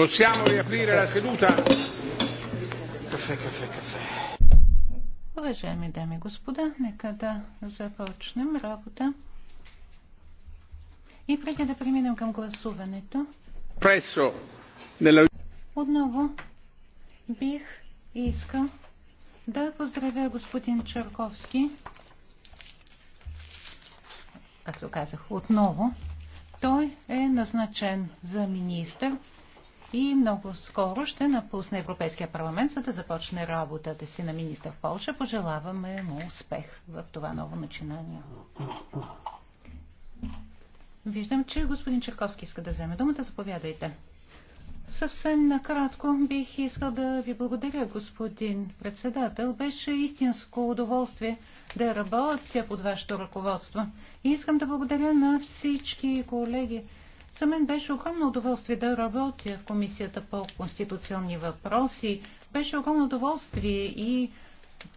Possiamo riaprire la seduta? Уважаеми дами и господа, нека да започнем работа. И преди да преминем към гласуването, Пресо. отново бих искал да поздравя господин Чарковски. Както казах, отново той е назначен за министър и много скоро ще напусне Европейския парламент, за да започне работата си на министър в Польша. Пожелаваме му успех в това ново начинание. Виждам, че господин Черковски иска да вземе думата. Заповядайте. Съвсем накратко бих искал да ви благодаря, господин председател. Беше истинско удоволствие да работя под вашето ръководство. И искам да благодаря на всички колеги, за мен беше огромно удоволствие да работя в Комисията по конституционни въпроси. Беше огромно удоволствие и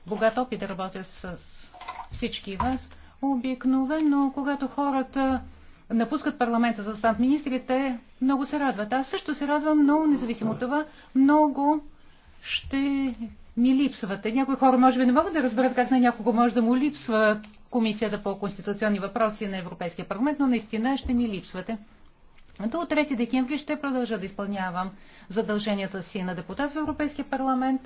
богат опит да работя с всички вас. Обикновено, когато хората напускат парламента за стант министрите, много се радват. Аз също се радвам, но независимо от това, много ще ми липсвате. Някои хора може би не могат да разберат как на някого може да му липсва Комисията по конституционни въпроси на Европейския парламент, но наистина ще ми липсвате. До 3 декември ще продължа да изпълнявам задълженията си на депутат в Европейския парламент.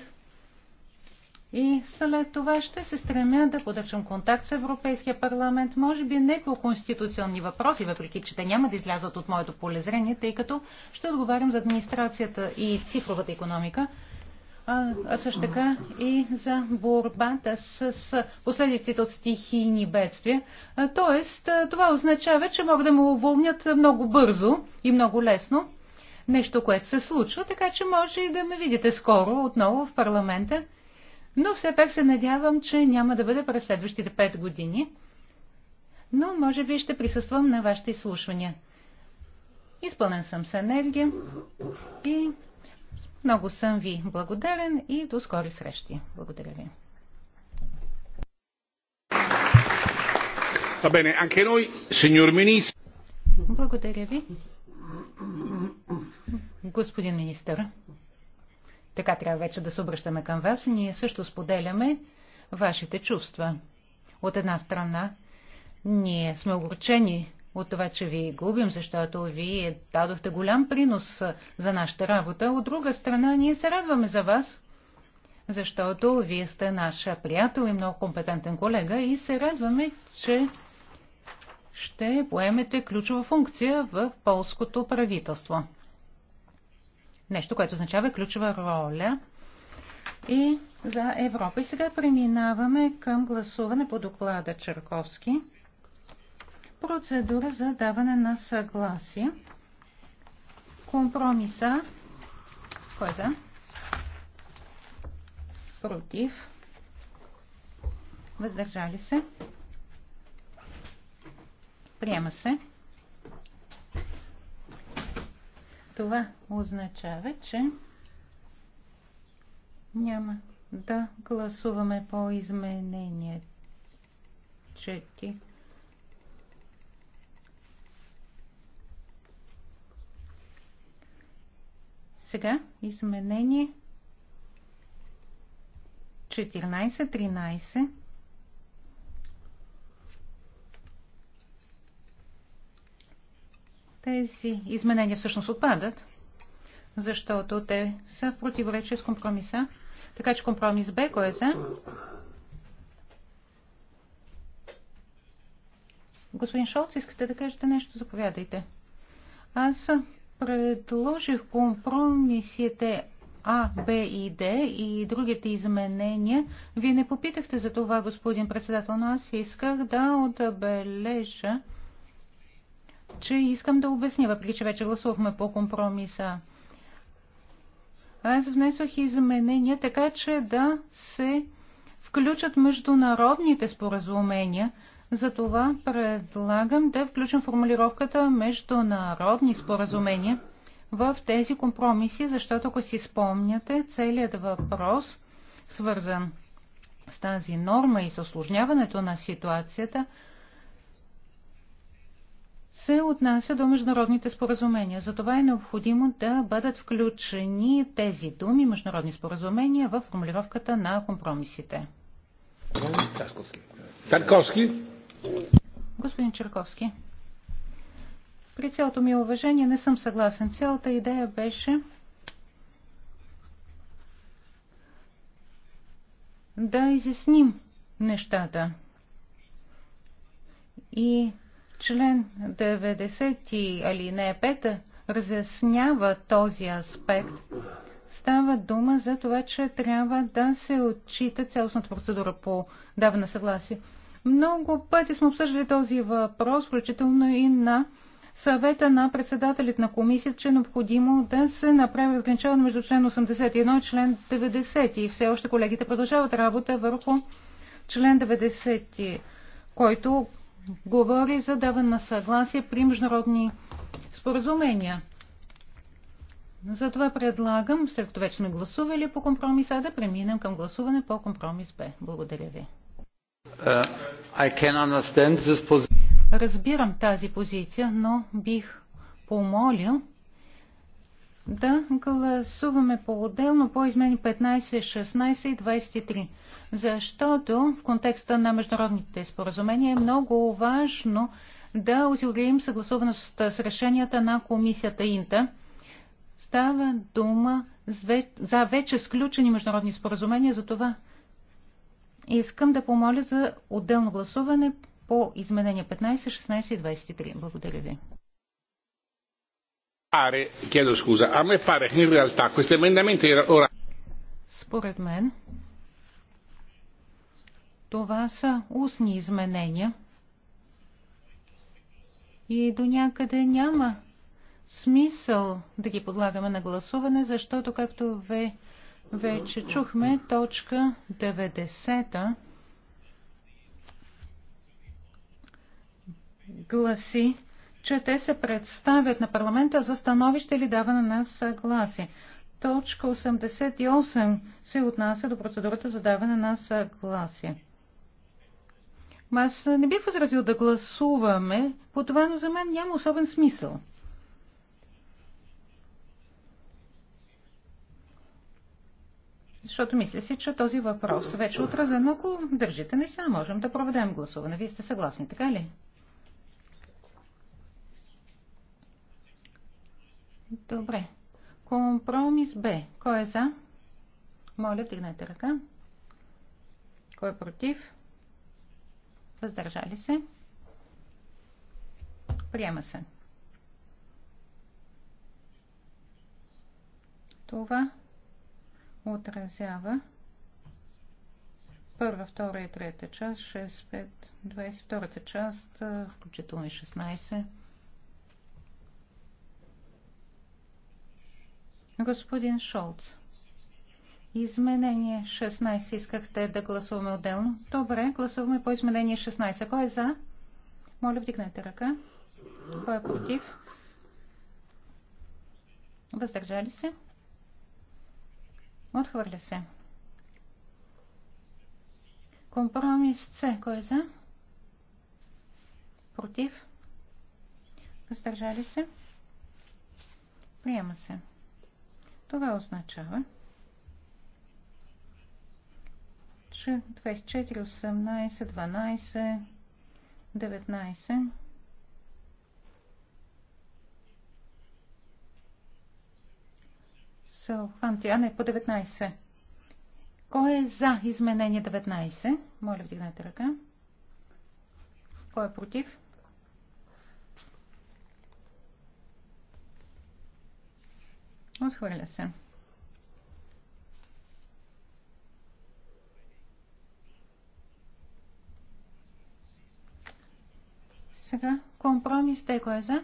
И след това ще се стремя да поддържам контакт с Европейския парламент. Може би не по конституционни въпроси, въпреки че те няма да излязат от моето полезрение, тъй като ще отговарям за администрацията и цифровата економика, а също така и за борбата с последиците от стихийни бедствия. Тоест, това означава, че могат да му уволнят много бързо и много лесно. Нещо, което се случва, така че може и да ме видите скоро отново в парламента. Но все пак се надявам, че няма да бъде през следващите пет години. Но може би ще присъствам на вашите изслушвания. Изпълнен съм с енергия и много съм ви благодарен и до скори срещи. Благодаря ви. Благодаря ви. Господин министър, така трябва вече да се обръщаме към вас. Ние също споделяме вашите чувства. От една страна, ние сме огорчени от това, че ви губим, защото вие дадохте голям принос за нашата работа. От друга страна, ние се радваме за вас, защото вие сте наша приятел и много компетентен колега и се радваме, че ще поемете ключова функция в полското правителство. Нещо, което означава ключова роля и за Европа. И сега преминаваме към гласуване по доклада Черковски процедура за даване на съгласие. Компромиса. Кой е за? Против. Въздържали се. Приема се. Това означава, че няма да гласуваме по изменение 4. Сега изменение 14-13. Тези изменения всъщност отпадат, защото те са в противоречие с компромиса. Така че компромис Б, кой е за? Господин Шолц, искате да кажете нещо? Заповядайте. Аз предложих компромисите А, Б и Д и другите изменения. Вие не попитахте за това, господин председател, но аз исках да отбележа, че искам да обясня, въпреки че вече гласувахме по компромиса. Аз внесох изменения така, че да се включат международните споразумения – затова предлагам да включим формулировката международни споразумения в тези компромиси, защото ако си спомняте, целият въпрос, свързан с тази норма и с осложняването на ситуацията, се отнася до международните споразумения. Затова е необходимо да бъдат включени тези думи, международни споразумения, в формулировката на компромисите. Тарковски. Тарковски. Господин Черковски, при цялото ми уважение не съм съгласен. Цялата идея беше да изясним нещата. И член 90 не 5 разяснява този аспект. Става дума за това, че трябва да се отчита цялостната процедура по даване на съгласие. Много пъти сме обсъждали този въпрос, включително и на съвета на председателят на комисията, че е необходимо да се направи разграничаване между член 81 и член 90. И все още колегите продължават работа върху член 90, който говори за даване на съгласие при международни споразумения. Затова предлагам, след като вече сме гласували по компромиса, да преминем към гласуване по компромис Б. Благодаря ви. Uh, Разбирам тази позиция, но бих помолил да гласуваме по-отделно по измени 15, 16 и 23, защото в контекста на международните споразумения е много важно да осигурим съгласуваност с решенията на комисията Инта. Става дума за вече сключени международни споразумения, за това Искам да помоля за отделно гласуване по изменения 15, 16 и 23. Благодаря ви. Според мен, това са устни изменения и до някъде няма смисъл да ги подлагаме на гласуване, защото, както ве вече чухме точка 90 гласи, че те се представят на парламента за становище или даване на съгласие. Точка 88 се отнася до процедурата за даване на съгласие. Аз не бих възразил да гласуваме, по това, но за мен няма особен смисъл. Защото мисля си, че този въпрос вече е отразен. Ако държите, наистина можем да проведем гласуване. Вие сте съгласни, така ли? Добре. Компромис Б. Кой е за? Моля, вдигнете ръка. Кой е против? Въздържали се? Приема се. Това отразява първа, втора и трета част, 6, 5, 20, та част, включително и 16. Господин Шолц, изменение 16 искахте да гласуваме отделно. Добре, гласуваме по изменение 16. Кой е за? Моля, вдигнете ръка. Кой е против? Въздържали се? Отхвърля се. Компромис С. Кой е за? Против? Въздържали се? Приема се. Това означава, че 24, 18, 12, 19 в а не по 19. Кой е за изменение 19? Моля, вдигнете ръка. Кой е против? Отхвърля се. Сега компромис, те кой е за?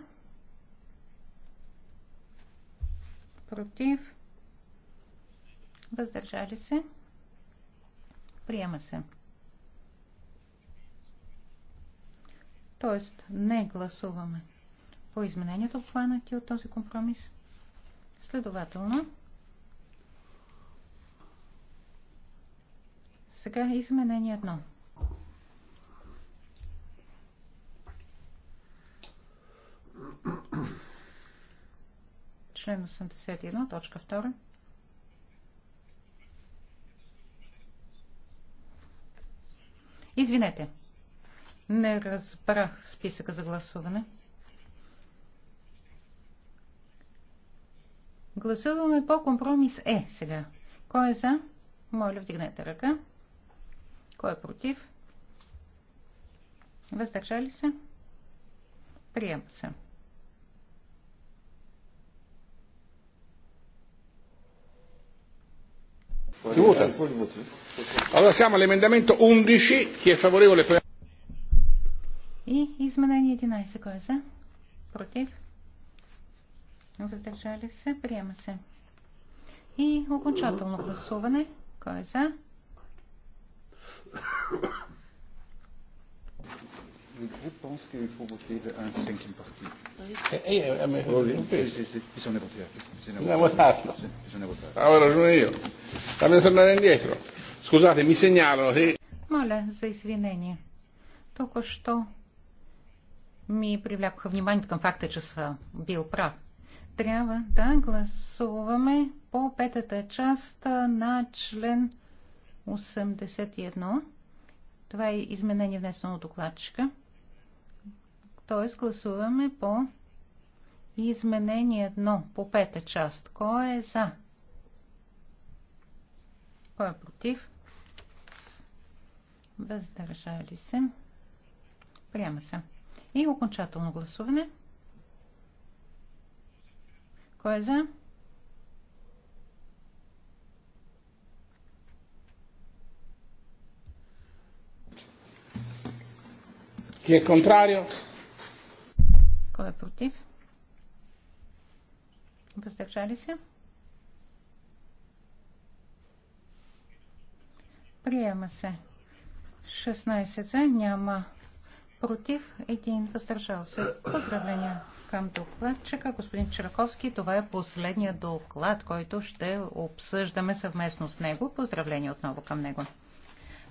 Против въздържали се, приема се. Тоест, не гласуваме по изменението, обхванати от този компромис. Следователно, сега е изменение едно. Член 81, точка 2. Извинете. Не разбрах списъка за гласуване. Гласуваме по компромис Е сега. Кой е за? Моля, вдигнете ръка. Кой е против? Въздържали се? Приема се. Силута. Allora siamo all'emendamento 11, chi è favorevole per... И изменение 11, кой е за? Против? Въздържали се? Приема се. И окончателно гласуване. Кой е за? le groupe pense qu'il faut voter un cinquième parti. Eh, eh, mais bisogna votare. Bisogna votare. Bisogna votare. Avevo ragione io. Dammi tornare indietro. Scusate, mi segnalano che... Моля за извинение. Току-що ми привлякоха вниманието към факта, че съм бил прав. Трябва да гласуваме по петата част на член 81. Това е изменение внесено от докладчика. Тоест гласуваме по изменение 1 по пета част. Кой е за? Кой е против? Въздържали се. Приема се. И окончателно гласуване. Кой е за? Кой е контрарио? Кой е против? Въздържали се? Приема се. 16 за, няма против, един въздържал се. Поздравления към докладчика. Господин Чираковски, това е последният доклад, който ще обсъждаме съвместно с него. Поздравления отново към него.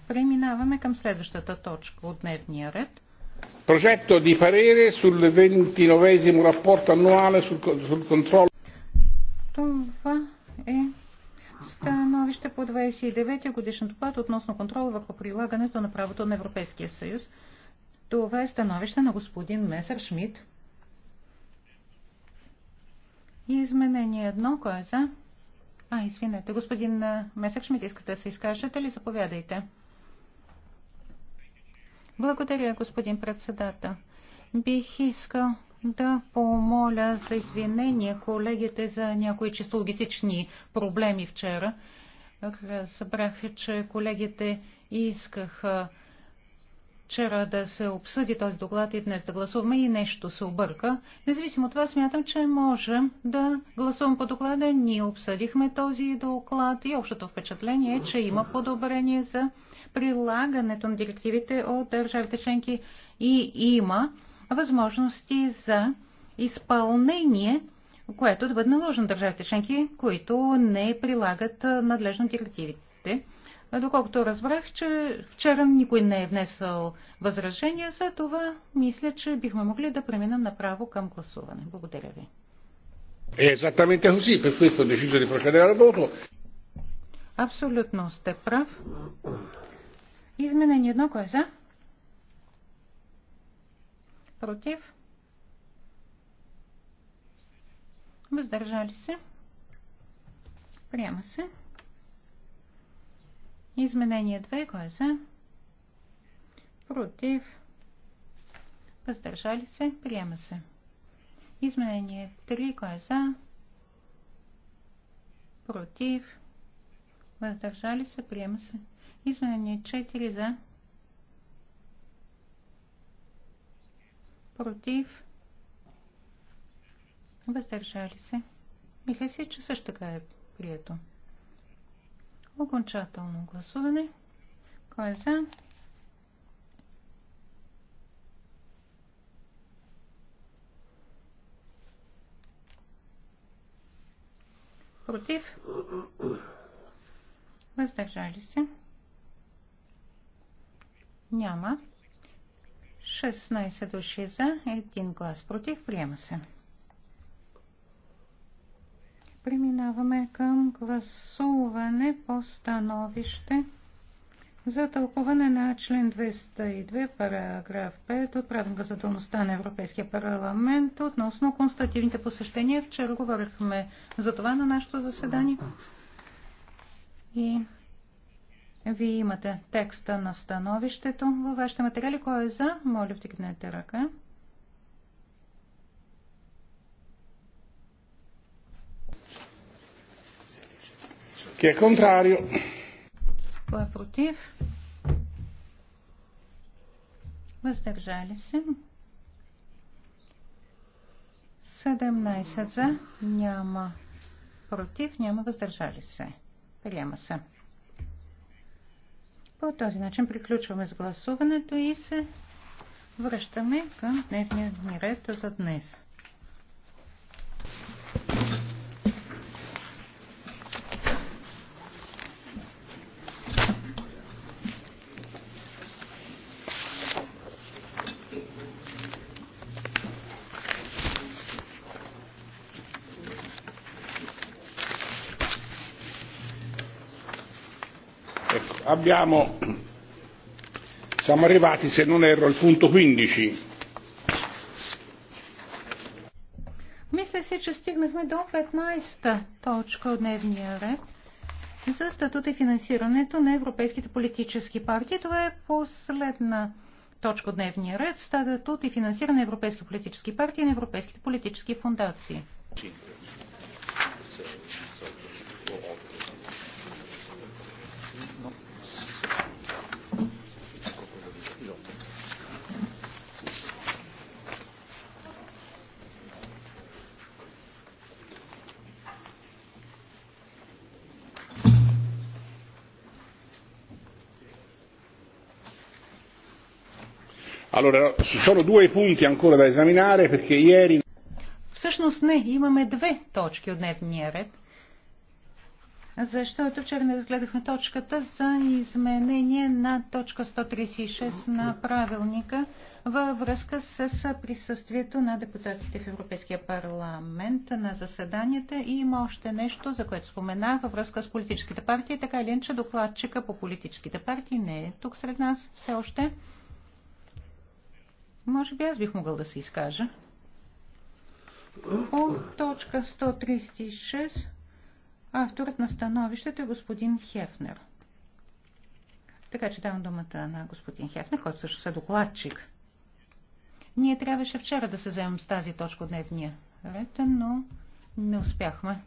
Преминаваме към следващата точка от дневния ред. Progetto ди парере сул 29 rapporto annuale sul, sul Това е Становище по 29 я годишен доклад относно контрол върху прилагането на правото на Европейския съюз. Това е становище на господин Месър Шмидт. И изменение едно, кое е за? А, извинете, господин Месър Шмидт, искате да се изкажете ли? Заповядайте. Благодаря, господин председател. Бих искал да помоля за извинение колегите за някои чисто логистични проблеми вчера. Събрах, че колегите искаха вчера да се обсъди този доклад и днес да гласуваме и нещо се обърка. Независимо от това, смятам, че можем да гласуваме по доклада. Ние обсъдихме този доклад и общото впечатление е, че има подобрение за прилагането на директивите от държавите членки и има възможности за изпълнение, което да бъде наложено на държавите членки, които не прилагат надлежно директивите. Доколкото разбрах, че вчера никой не е внесъл възражения, за това мисля, че бихме могли да преминем направо към гласуване. Благодаря ви. Е, così, per questo ho deciso di procedere al voto. Абсолютно сте прав. Изменение едно, кое е за? против, въздържали се, приема се. Изменение 2, Кое е за, против, въздържали се, приема се. Изменение 3, Кое е за, против, въздържали се, приема се. Изменение 4 за, против, въздържали се. Мисля си, че също така е прието. Окончателно гласуване. Кой е за? Против? Въздържали се? Няма. 16 души за, 1 глас против. Приема се. Преминаваме към гласуване по становище за тълкуване на член 202, параграф 5 от правенка за дълността на Европейския парламент относно констативните посещения. Вчера говорихме за това на нашето заседание. И вие имате текста на становището във вашите материали. Кой е за? Моля, втикнете ръка. Chi è е Кой е против? Въздържали се. 17 за, няма против, няма въздържали се. Приема се. По този начин приключваме с гласуването и се връщаме към дневния ни ред за днес. abbiamo, siamo arrivati, se non erro, al punto 15. Мисля си, че стигнахме до 15-та точка от дневния ред за статут и финансирането на европейските политически партии. Това е последна точка от дневния ред. Статут и финансиране на европейски политически партии и на европейските политически фундации. Allora, ci sono due punti ancora da esaminare perché ieri... Всъщност не, имаме две точки от дневния ред, защото вчера не разгледахме точката за изменение на точка 136 на правилника във връзка с присъствието на депутатите в Европейския парламент на заседанията и има още нещо, за което спомена във връзка с политическите партии, така или иначе докладчика по политическите партии не е тук сред нас все още. Може би аз бих могъл да се изкажа. По точка 136 авторът на становището е господин Хефнер. Така че давам думата на господин Хефнер, който също е докладчик. Ние трябваше вчера да се вземем с тази точка от дневния ред, но не успяхме.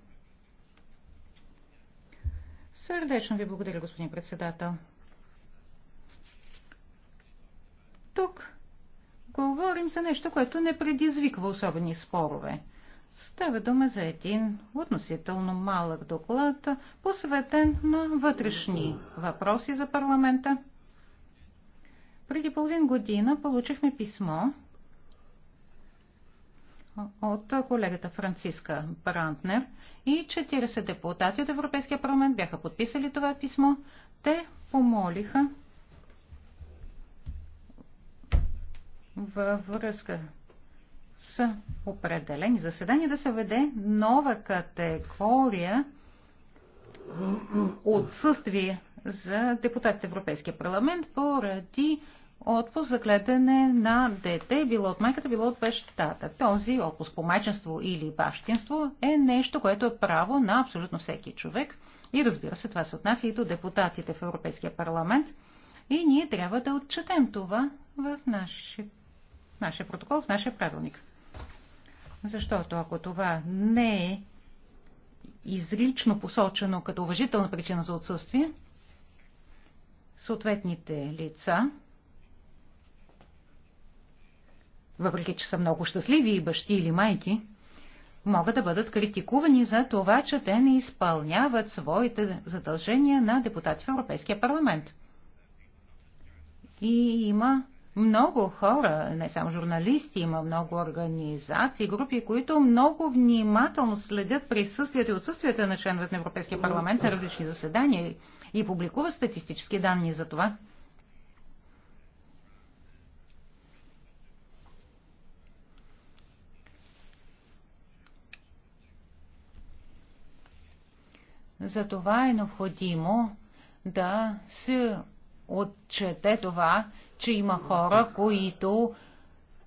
Сърдечно ви благодаря, господин председател. Тук говорим за нещо, което не предизвиква особени спорове. Става дума за един относително малък доклад, посветен на вътрешни въпроси за парламента. Преди половин година получихме писмо от колегата Франциска Брантнер и 40 депутати от Европейския парламент бяха подписали това писмо. Те помолиха във връзка с определени заседания да се веде нова категория отсъствие за депутатите в Европейския парламент поради отпуск за гледане на дете, било от майката, било от бащата. Този отпуск по майчинство или бащинство е нещо, което е право на абсолютно всеки човек. И разбира се, това се отнася и до депутатите в Европейския парламент. И ние трябва да отчетем това в нашите нашия протокол, в нашия правилник. Защото ако това не е изрично посочено като уважителна причина за отсъствие, съответните лица, въпреки че са много щастливи и бащи или майки, могат да бъдат критикувани за това, че те не изпълняват своите задължения на депутати в Европейския парламент. И има много хора, не само журналисти, има много организации, групи, които много внимателно следят присъствието и отсъствието на членовете на Европейския парламент на различни заседания и публикува статистически данни за това. За това е необходимо да се отчете това, че има хора, които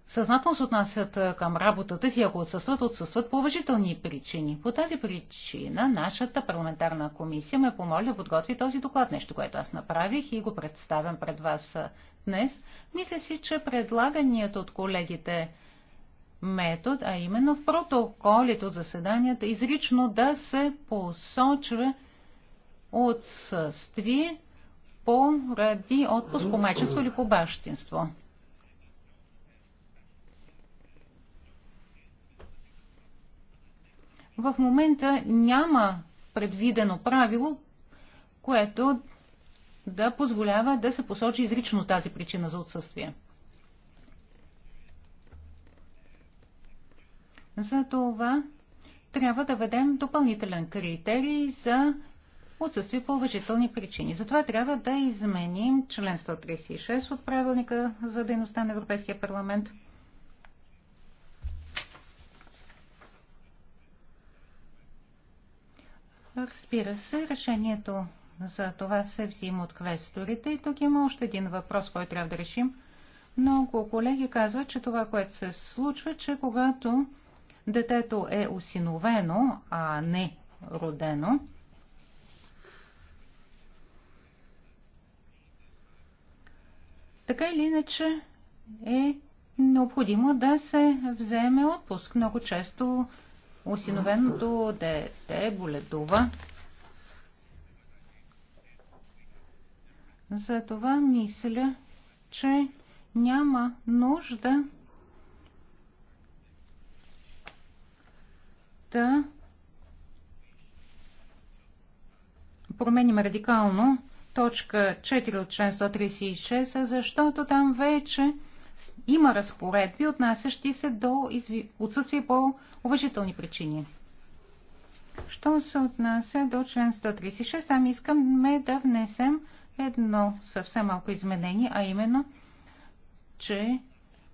съзнателно се отнасят към работата си, ако отсъстват, отсъстват по уважителни причини. По тази причина нашата парламентарна комисия ме помоли да подготви този доклад, нещо, което аз направих и го представям пред вас днес. Мисля си, че предлаганият от колегите метод, а именно в протоколите от заседанията, изрично да се посочва отсъствие поради отпуск по майчество или по бащинство. В момента няма предвидено правило, което да позволява да се посочи изрично тази причина за отсъствие. За това трябва да ведем допълнителен критерий за отсъствие по уважителни причини. Затова трябва да изменим член 136 от правилника за дейността на Европейския парламент. Разбира се, решението за това се взима от квесторите и тук има още един въпрос, който трябва да решим. Много колеги казват, че това, което се случва, че когато детето е осиновено, а не родено, така или иначе е необходимо да се вземе отпуск. Много често осиновеното дете боледува. Затова мисля, че няма нужда да променим радикално точка 4 от член 136, защото там вече има разпоредби, отнасящи се до изви... отсъствие по уважителни причини. Що се отнася до член 136, там искаме да внесем едно съвсем малко изменение, а именно, че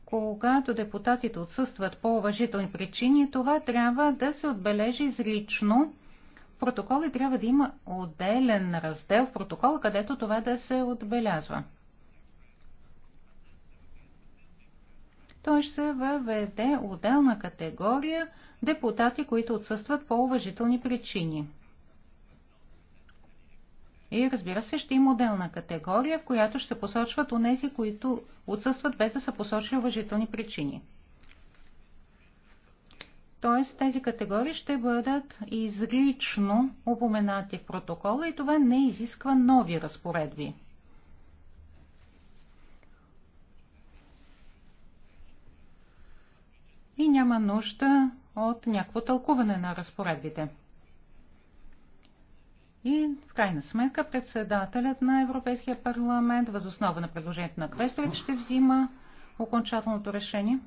когато депутатите отсъстват по уважителни причини, това трябва да се отбележи изрично протокол и трябва да има отделен раздел в протокола, където това да се отбелязва. Той ще се въведе отделна категория депутати, които отсъстват по уважителни причини. И разбира се, ще има отделна категория, в която ще се посочват у нези, които отсъстват без да са посочили уважителни причини. Т.е. тези категории ще бъдат изрично упоменати в протокола и това не изисква нови разпоредби. И няма нужда от някакво тълкуване на разпоредбите. И в крайна сметка председателят на Европейския парламент, възоснова на предложението на квесторите, ще взима окончателното решение.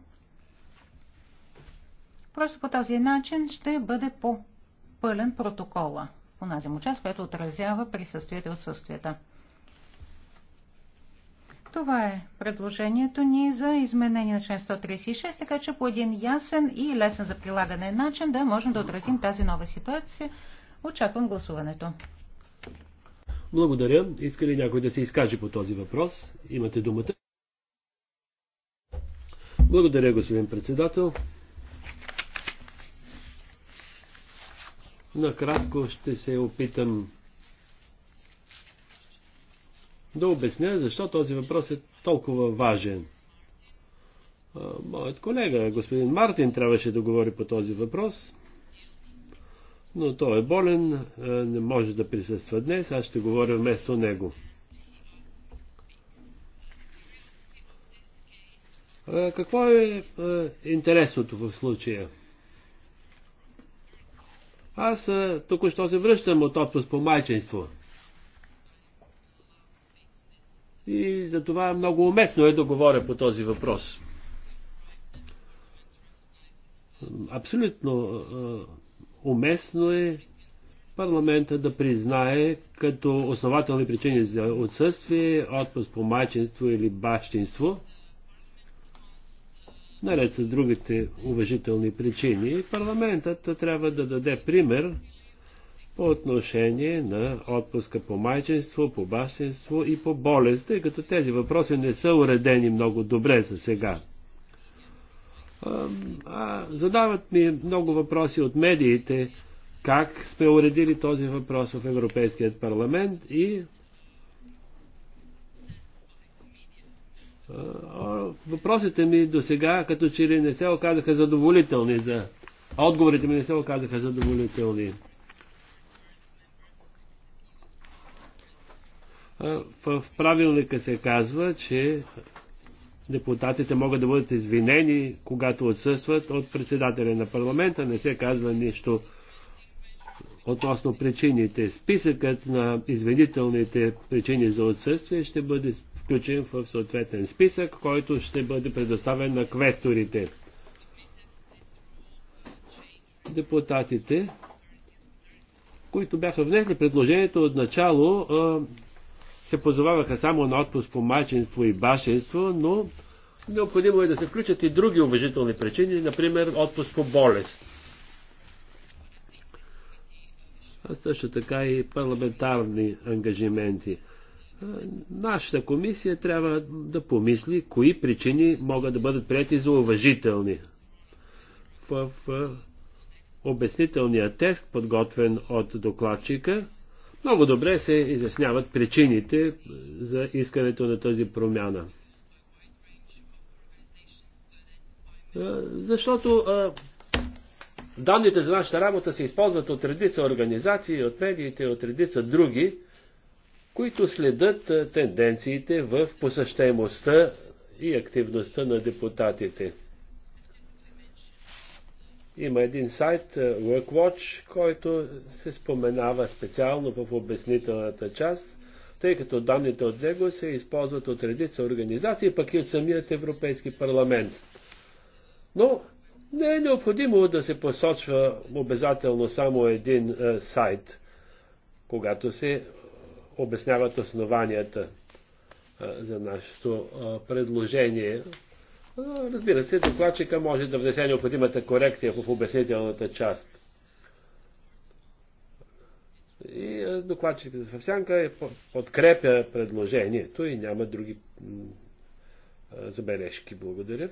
Просто по този начин ще бъде по-пълен протокола по тази му част, която отразява присъствието и отсъствията. Това е предложението ни за изменение на член 136, така че по един ясен и лесен за прилагане начин да можем да отразим тази нова ситуация. Очаквам гласуването. Благодаря. Иска ли някой да се изкаже по този въпрос? Имате думата. Благодаря, господин председател. накратко ще се опитам да обясня защо този въпрос е толкова важен. Моят колега, господин Мартин, трябваше да говори по този въпрос, но той е болен, не може да присъства днес, аз ще говоря вместо него. Какво е интересното в случая? Аз току-що се връщам от отпуск по майчинство. И за това много уместно е да говоря по този въпрос. Абсолютно уместно е парламента да признае като основателни причини за отсъствие отпуск по майчинство или бащинство – наред с другите уважителни причини, парламентът трябва да даде пример по отношение на отпуска по майчинство, по бащинство и по болест, тъй като тези въпроси не са уредени много добре за сега. А, а, задават ми много въпроси от медиите, как сме уредили този въпрос в Европейският парламент и Въпросите ми до сега като че ли не се оказаха задоволителни за... Отговорите ми не се оказаха задоволителни. В правилника се казва, че депутатите могат да бъдат извинени, когато отсъстват от председателя на парламента. Не се казва нищо относно причините. Списъкът на извинителните причини за отсъствие ще бъде включен в съответен списък, който ще бъде предоставен на квесторите. Депутатите, които бяха внесли предложението от начало, се позоваваха само на отпуск по майчинство и башенство, но необходимо е да се включат и други уважителни причини, например отпуск по болест. А също така и парламентарни ангажименти нашата комисия трябва да помисли кои причини могат да бъдат прияти за уважителни. В обяснителния тест, подготвен от докладчика, много добре се изясняват причините за искането на тази промяна. Защото данните за нашата работа се използват от редица организации, от медиите, от редица други, които следят тенденциите в посещаемостта и активността на депутатите. Има един сайт, WorkWatch, който се споменава специално в обяснителната част, тъй като данните от него се използват от редица организации, пък и от самият Европейски парламент. Но не е необходимо да се посочва обязателно само един е, сайт, когато се обясняват основанията за нашето предложение. Разбира се, докладчика може да внесе необходимата корекция в обяснителната част. И докладчиката за Фавсянка е подкрепя предложението и няма други забележки. Благодаря.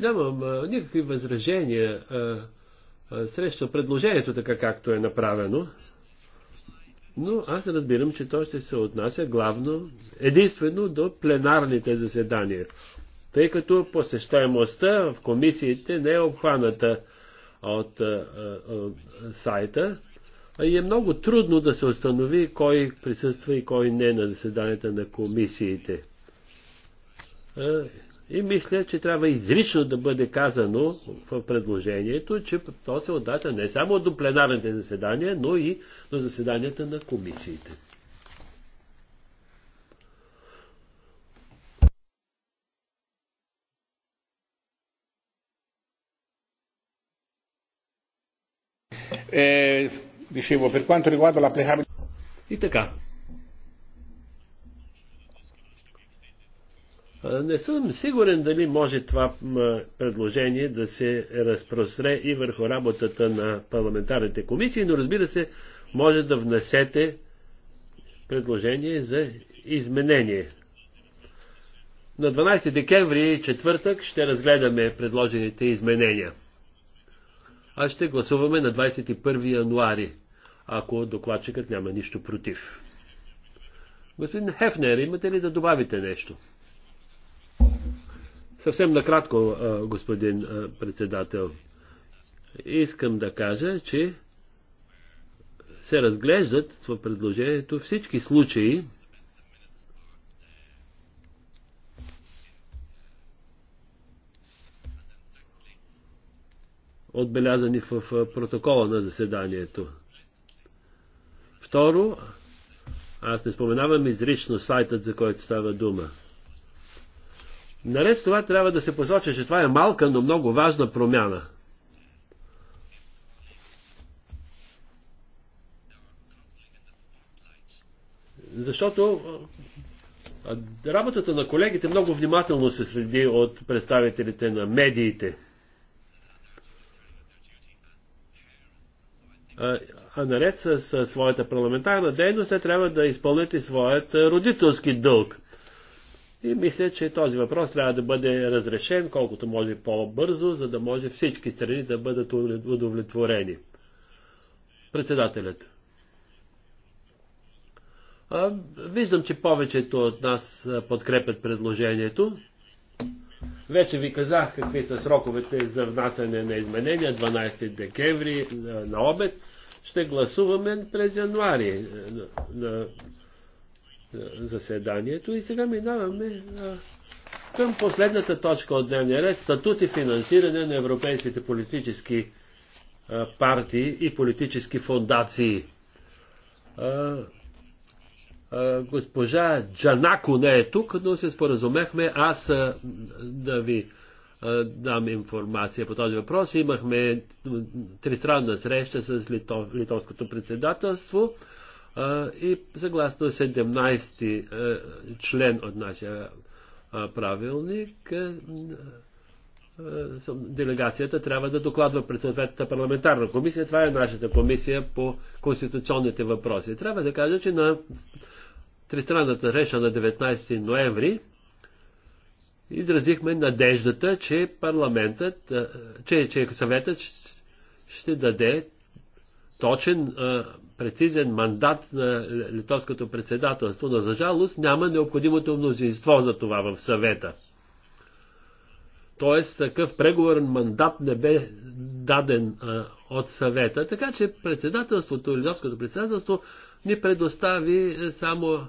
Нямам а, никакви възражения а, а, срещу предложението, така както е направено, но аз разбирам, че то ще се отнася главно, единствено до пленарните заседания, тъй като посещаемостта в комисиите не е обхваната от а, а, сайта и е много трудно да се установи кой присъства и кой не на заседанията на комисиите. И мисля, че трябва изрично да бъде казано в предложението, че то се отнася не само до пленарните заседания, но и до заседанията на комисиите. Е, dicevo, per quanto riguarda l'applicabilità... И така, Не съм сигурен дали може това предложение да се разпростре и върху работата на парламентарните комисии, но разбира се, може да внесете предложение за изменение. На 12 декември, четвъртък, ще разгледаме предложените изменения. А ще гласуваме на 21 януари, ако докладчикът няма нищо против. Господин Хефнер, имате ли да добавите нещо? Съвсем накратко, господин председател, искам да кажа, че се разглеждат в предложението всички случаи, отбелязани в протокола на заседанието. Второ, аз не споменавам изрично сайтът, за който става дума. Наред с това трябва да се посочи, че това е малка, но много важна промяна. Защото работата на колегите много внимателно се следи от представителите на медиите. а наред с, с своята парламентарна дейност, те трябва да изпълнят и своят родителски дълг. И мисля, че този въпрос трябва да бъде разрешен колкото може по-бързо, за да може всички страни да бъдат удовлетворени. Председателят. А, виждам, че повечето от нас подкрепят предложението. Вече ви казах какви са сроковете за внасяне на изменения 12 декември на обед. Ще гласуваме през януари на, на заседанието и сега минаваме към последната точка от дневния ред статут и финансиране на европейските политически партии и политически фундации. Госпожа Джанако не е тук, но се споразумехме аз да ви дам информация по този въпрос. Имахме тристранна среща с литов, литовското председателство и съгласно 17-ти член от нашия правилник, делегацията трябва да докладва пред съответната парламентарна комисия. Това е нашата комисия по конституционните въпроси. Трябва да кажа, че на тристранната реша на 19 ноември изразихме надеждата, че парламентът, че, че съветът ще даде точен, прецизен мандат на литовското председателство, но за жалост няма необходимото мнозинство за това в съвета. Тоест, такъв преговорен мандат не бе даден а, от съвета, така че председателството, литовското председателство ни предостави само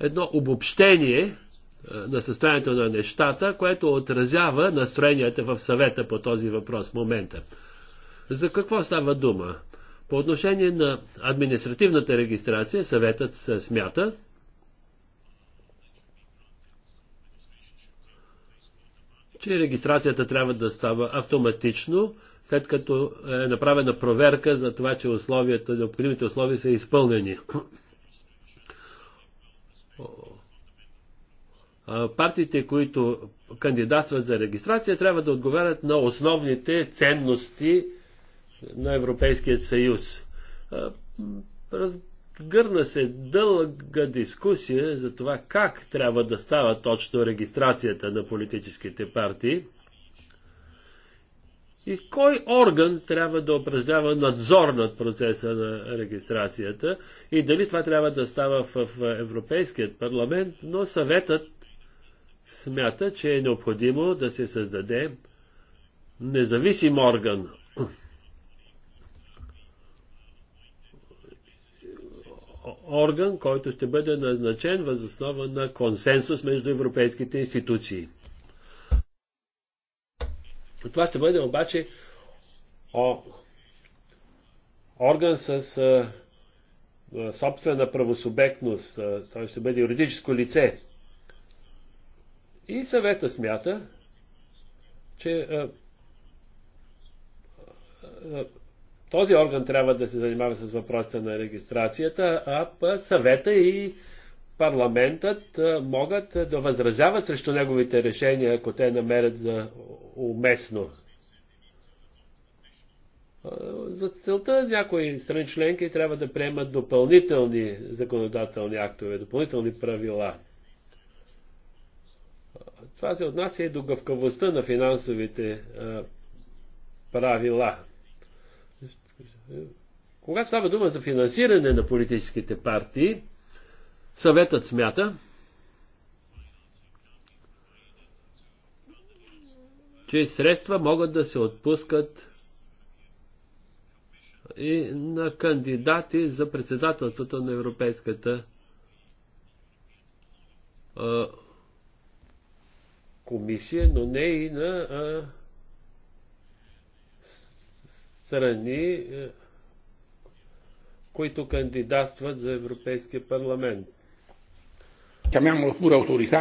едно обобщение а, на състоянието на нещата, което отразява настроенията в съвета по този въпрос в момента. За какво става дума? По отношение на административната регистрация, съветът се смята, че регистрацията трябва да става автоматично, след като е направена проверка за това, че условията, необходимите условия са изпълнени. Партиите, които кандидатстват за регистрация, трябва да отговарят на основните ценности, на Европейския съюз. Разгърна се дълга дискусия за това как трябва да става точно регистрацията на политическите партии и кой орган трябва да упражнява надзор над процеса на регистрацията и дали това трябва да става в Европейският парламент, но съветът смята, че е необходимо да се създаде независим орган, орган, който ще бъде назначен възоснова на консенсус между европейските институции. Това ще бъде обаче о, орган с а, собствена правосубектност, а, той ще бъде юридическо лице. И съвета смята, че а, а, този орган трябва да се занимава с въпроса на регистрацията, а съвета и парламентът могат да възразяват срещу неговите решения, ако те намерят за уместно. За целта някои страни членки трябва да приемат допълнителни законодателни актове, допълнителни правила. Това се отнася и до гъвкавостта на финансовите правила. Когато става дума за финансиране на политическите партии, съветът смята, че средства могат да се отпускат и на кандидати за председателството на Европейската а, комисия, но не и на а, страни, е, които кандидатстват за Европейския парламент. Chiamiamolo pure autorità,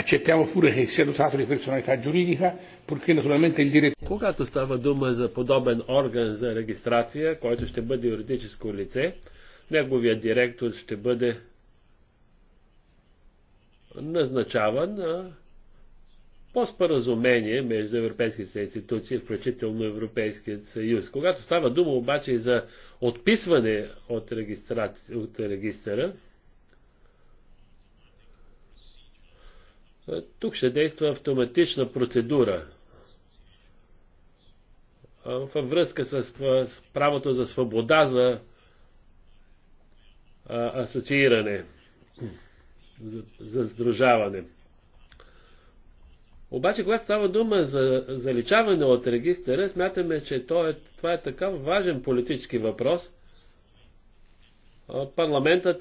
accettiamo pure che sia dotato di personalità giuridica, purché naturalmente il direttore. Когато става дума за подобен орган за регистрация, който ще бъде юридическо лице, неговия директор ще бъде назначаван по споразумение между европейските институции, включително Европейският съюз. Когато става дума обаче за отписване от, от регистъра, тук ще действа автоматична процедура във връзка с правото за свобода за асоцииране, за, за сдружаване. Обаче, когато става дума за заличаване от регистъра, смятаме, че то е, това е такъв важен политически въпрос. Парламентът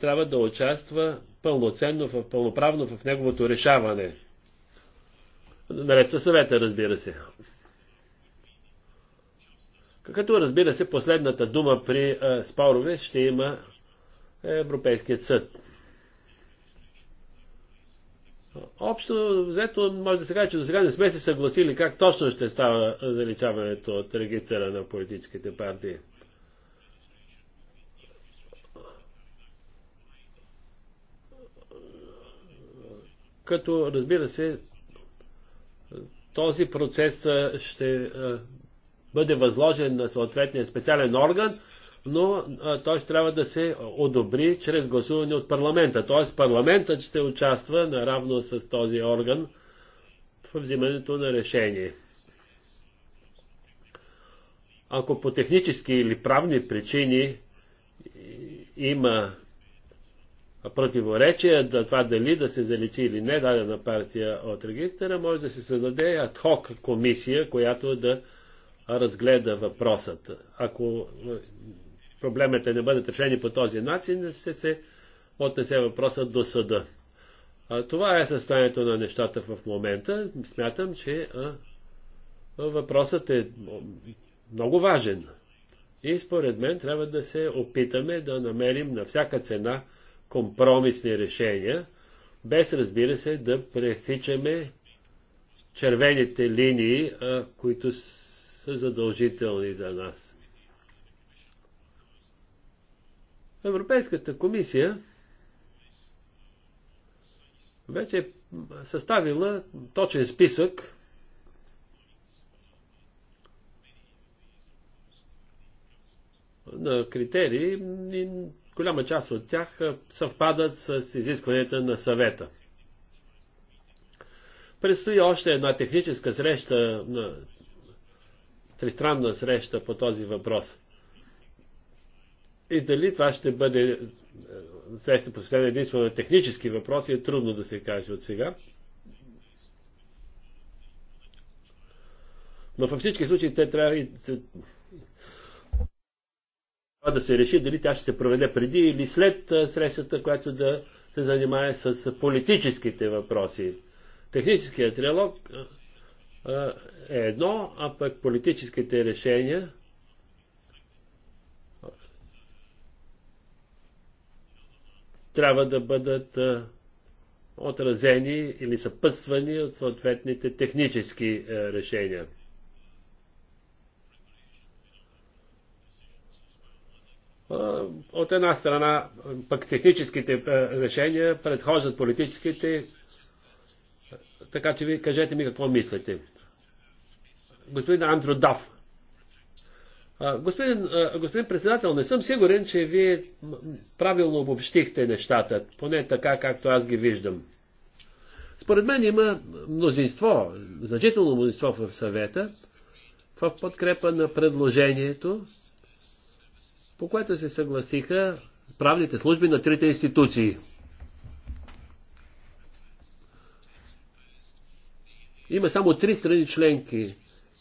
трябва да участва пълноценно, пълноправно в неговото решаване. Наред със съвета, разбира се. Като разбира се, последната дума при спорове ще има Европейският съд. Общо, взето, може да се каже, че до сега не сме се съгласили как точно ще става заличаването от регистъра на политическите партии. Като, разбира се, този процес ще бъде възложен на съответния специален орган, но а, той ще трябва да се одобри чрез гласуване от парламента. Т.е. парламентът ще участва наравно с този орган в взимането на решение. Ако по технически или правни причини има противоречие да това дали да се заличи или не дадена партия от регистъра, може да се създаде адхок комисия, която да разгледа въпросът. Ако проблемите не бъдат решени по този начин, ще се отнесе въпроса до съда. А, това е състоянието на нещата в момента. Смятам, че а, въпросът е много важен. И според мен трябва да се опитаме да намерим на всяка цена компромисни решения, без разбира се да пресичаме червените линии, а, които са задължителни за нас. Европейската комисия вече е съставила точен списък на критерии и голяма част от тях съвпадат с изискванията на съвета. Предстои още една техническа среща, тристранна среща по този въпрос – и дали това ще бъде е, среща посвятена единствено на технически въпроси, е трудно да се каже от сега. Но във всички случаи те трябва и се... да се реши дали тя ще се проведе преди или след е, срещата, която да се занимае с политическите въпроси. Техническият триалог е, е едно, а пък политическите решения – трябва да бъдат отразени или съпътствани от съответните технически решения. От една страна, пък техническите решения предхождат политическите, така че ви кажете ми какво мислите. Господин Андро Дав Господин, господин председател, не съм сигурен, че вие правилно обобщихте нещата, поне така, както аз ги виждам. Според мен има мнозинство, значително мнозинство в съвета, в подкрепа на предложението, по което се съгласиха правните служби на трите институции. Има само три страни членки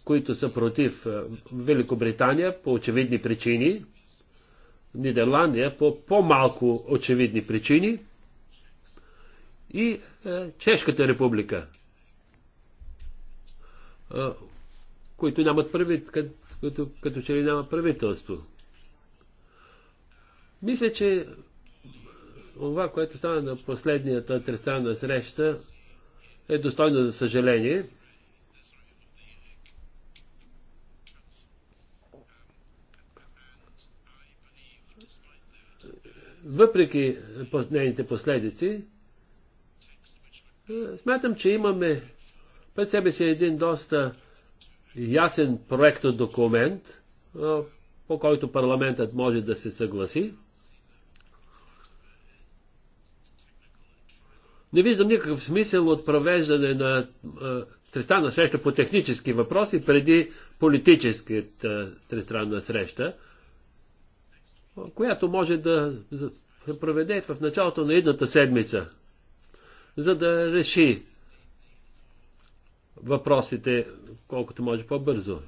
които са против е, Великобритания по очевидни причини, Нидерландия по по-малко очевидни причини и е, Чешката република, е, които нямат правителство, като, като, че ли няма правителство. Мисля, че това, което стана на последната тристранна среща, е достойно за съжаление. въпреки нейните последици, е, смятам, че имаме пред себе си един доста ясен проект от документ, е, по който парламентът може да се съгласи. Не виждам никакъв смисъл от провеждане на е, тристранна среща по технически въпроси преди политическият тристранна среща която може да се проведе в началото на едната седмица, за да реши въпросите колкото може по-бързо.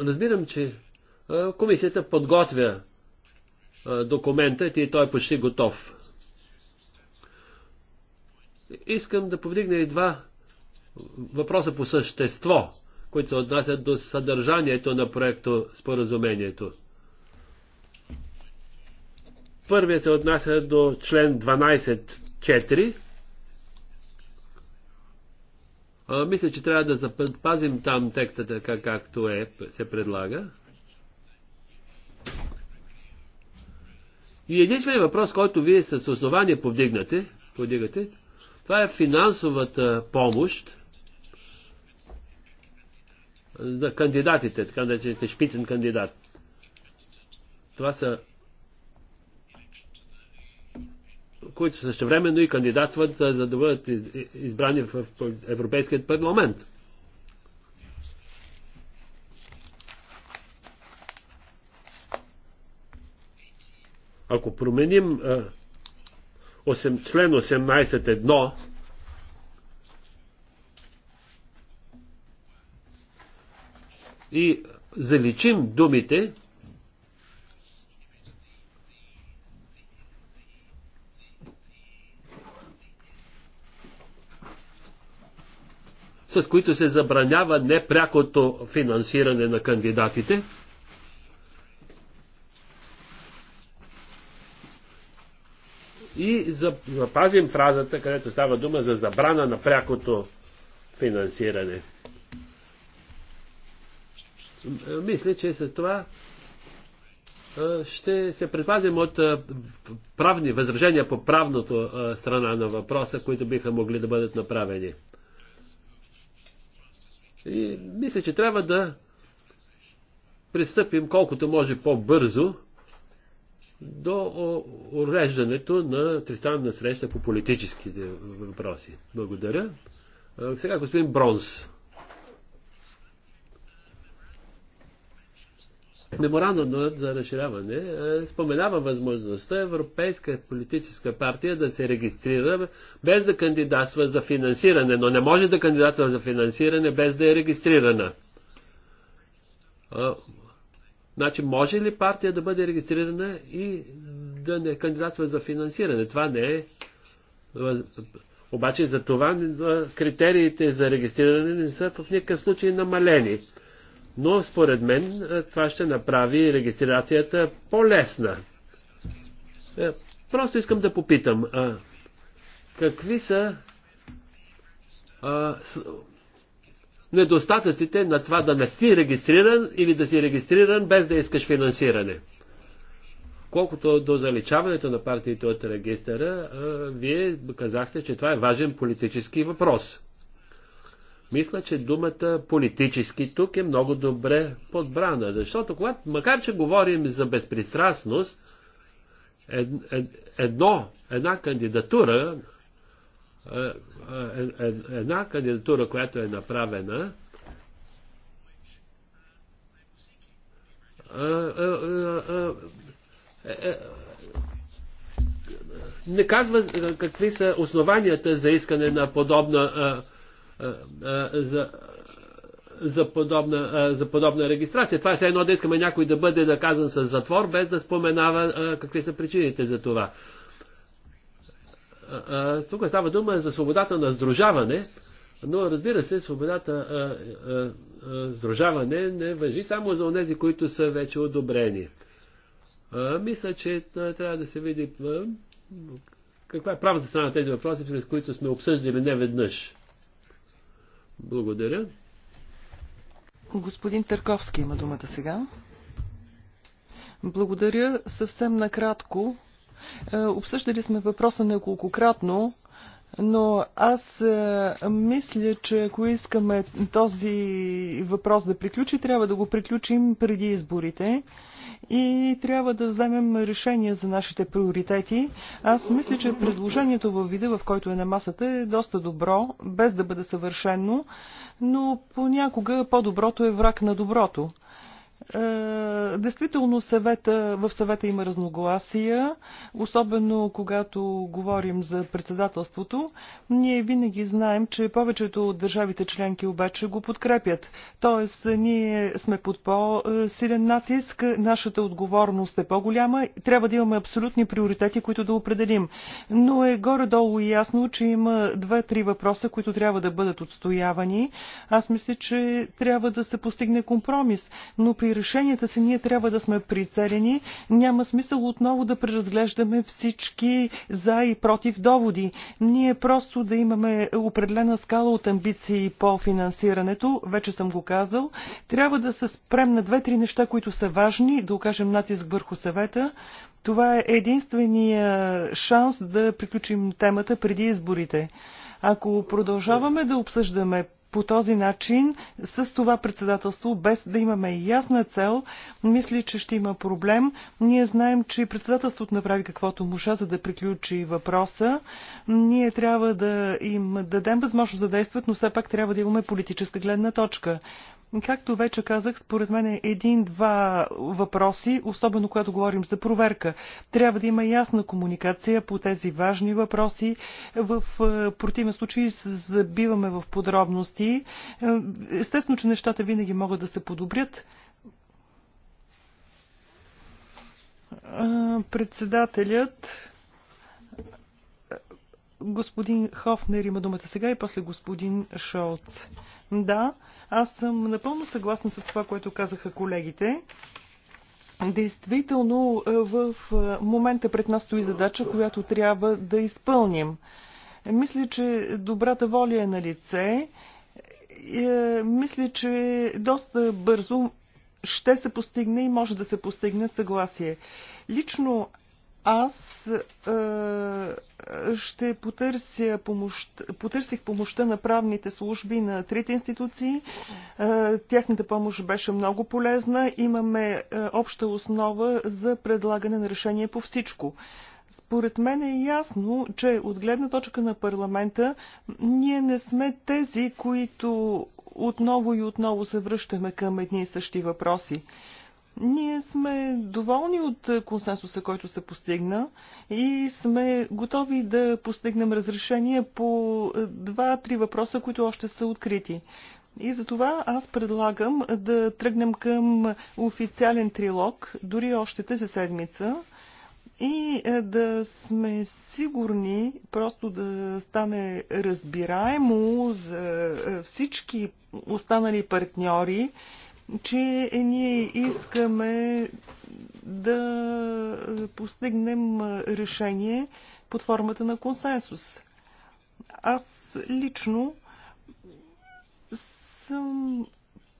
Разбирам, че комисията подготвя документът и той е почти готов. Искам да повдигна и два въпроса по същество, които се отнасят до съдържанието на проекто споразумението. Първият се отнася до член 12.4. Мисля, че трябва да запазим там текста така, както е, се предлага. И единственият въпрос, който вие с основание повдигнате, повдигате, това е финансовата помощ на кандидатите, така речете, шпицен кандидат. Това са които времено и кандидатстват за да бъдат избрани в Европейският парламент. Ако променим 8, член 18.1 и заличим думите с които се забранява непрякото финансиране на кандидатите. и запазим фразата, където става дума за забрана на прякото финансиране. Мисля, че с това ще се предпазим от правни възражения по правното страна на въпроса, които биха могли да бъдат направени. И мисля, че трябва да пристъпим колкото може по-бързо до уреждането на тристранна среща по политическите въпроси. Благодаря. Сега господин Бронс. Меморандумът за разширяване е, споменава възможността Европейска политическа партия да се регистрира без да кандидатства за финансиране, но не може да кандидатства за финансиране без да е регистрирана. Значи, може ли партия да бъде регистрирана и да не кандидатства за финансиране? Това не е. Обаче за това критериите за регистриране не са в никакъв случай намалени. Но според мен това ще направи регистрацията по-лесна. Е, просто искам да попитам. Какви са недостатъците на това да не си регистриран или да си регистриран без да искаш финансиране. Колкото до заличаването на партиите от регистъра, вие казахте, че това е важен политически въпрос. Мисля, че думата политически тук е много добре подбрана, защото когато, макар че говорим за безпристрастност, едно, една кандидатура е, е, е, една кандидатура, която е направена, не казва какви са основанията за искане на подобна за, за, подобна, за подобна регистрация. Това е все едно да искаме някой да бъде наказан с затвор, без да споменава какви са причините за това. Тук става дума за свободата на сдружаване, но разбира се, свободата а, сдружаване не въжи само за онези, които са вече одобрени. мисля, че трябва да се види каква е правата страна на тези въпроси, през които сме обсъждали не веднъж. Благодаря. Господин Търковски има думата сега. Благодаря съвсем накратко е, обсъждали сме въпроса неколкократно. Но аз е, мисля, че ако искаме този въпрос да приключи, трябва да го приключим преди изборите и трябва да вземем решение за нашите приоритети. Аз мисля, че предложението във вида, в който е на масата, е доста добро, без да бъде съвършено, но понякога по-доброто е враг на доброто. Е, действително съвета, в съвета има разногласия, особено когато говорим за председателството. Ние винаги знаем, че повечето от държавите членки обаче го подкрепят. Тоест, ние сме под по-силен натиск, нашата отговорност е по-голяма, трябва да имаме абсолютни приоритети, които да определим. Но е горе-долу и ясно, че има два-три въпроса, които трябва да бъдат отстоявани. Аз мисля, че трябва да се постигне компромис, но при решенията си ние трябва да сме прицелени. Няма смисъл отново да преразглеждаме всички за и против доводи. Ние просто да имаме определена скала от амбиции по финансирането, вече съм го казал. Трябва да се спрем на две-три неща, които са важни, да окажем натиск върху съвета. Това е единствения шанс да приключим темата преди изборите. Ако продължаваме да обсъждаме по този начин, с това председателство, без да имаме ясна цел, мисли, че ще има проблем. Ние знаем, че председателството направи каквото муша, за да приключи въпроса. Ние трябва да им дадем възможност да действат, но все пак трябва да имаме политическа гледна точка. Както вече казах, според мен е един-два въпроси, особено когато говорим за проверка. Трябва да има ясна комуникация по тези важни въпроси. В е, противен случай забиваме в подробности. Е, естествено, че нещата винаги могат да се подобрят. Е, председателят господин Хофнер има думата сега и после господин Шолц. Да, аз съм напълно съгласна с това, което казаха колегите. Действително, е, в е, момента пред нас стои задача, която трябва да изпълним. Мисля, че добрата воля е на лице. Е, мисля, че доста бързо ще се постигне и може да се постигне съгласие. Лично аз е, ще потърся помощ, потърсих помощта на правните служби на трите институции. Е, тяхната помощ беше много полезна. Имаме е, обща основа за предлагане на решение по всичко. Според мен е ясно, че от гледна точка на парламента ние не сме тези, които отново и отново се връщаме към едни и същи въпроси. Ние сме доволни от консенсуса, който се постигна и сме готови да постигнем разрешение по е, два-три въпроса, които още са открити. И затова аз предлагам да тръгнем към официален трилог, дори още тази седмица, и е, да сме сигурни, просто да стане разбираемо за е, всички останали партньори, че ние искаме да постигнем решение под формата на консенсус. Аз лично съм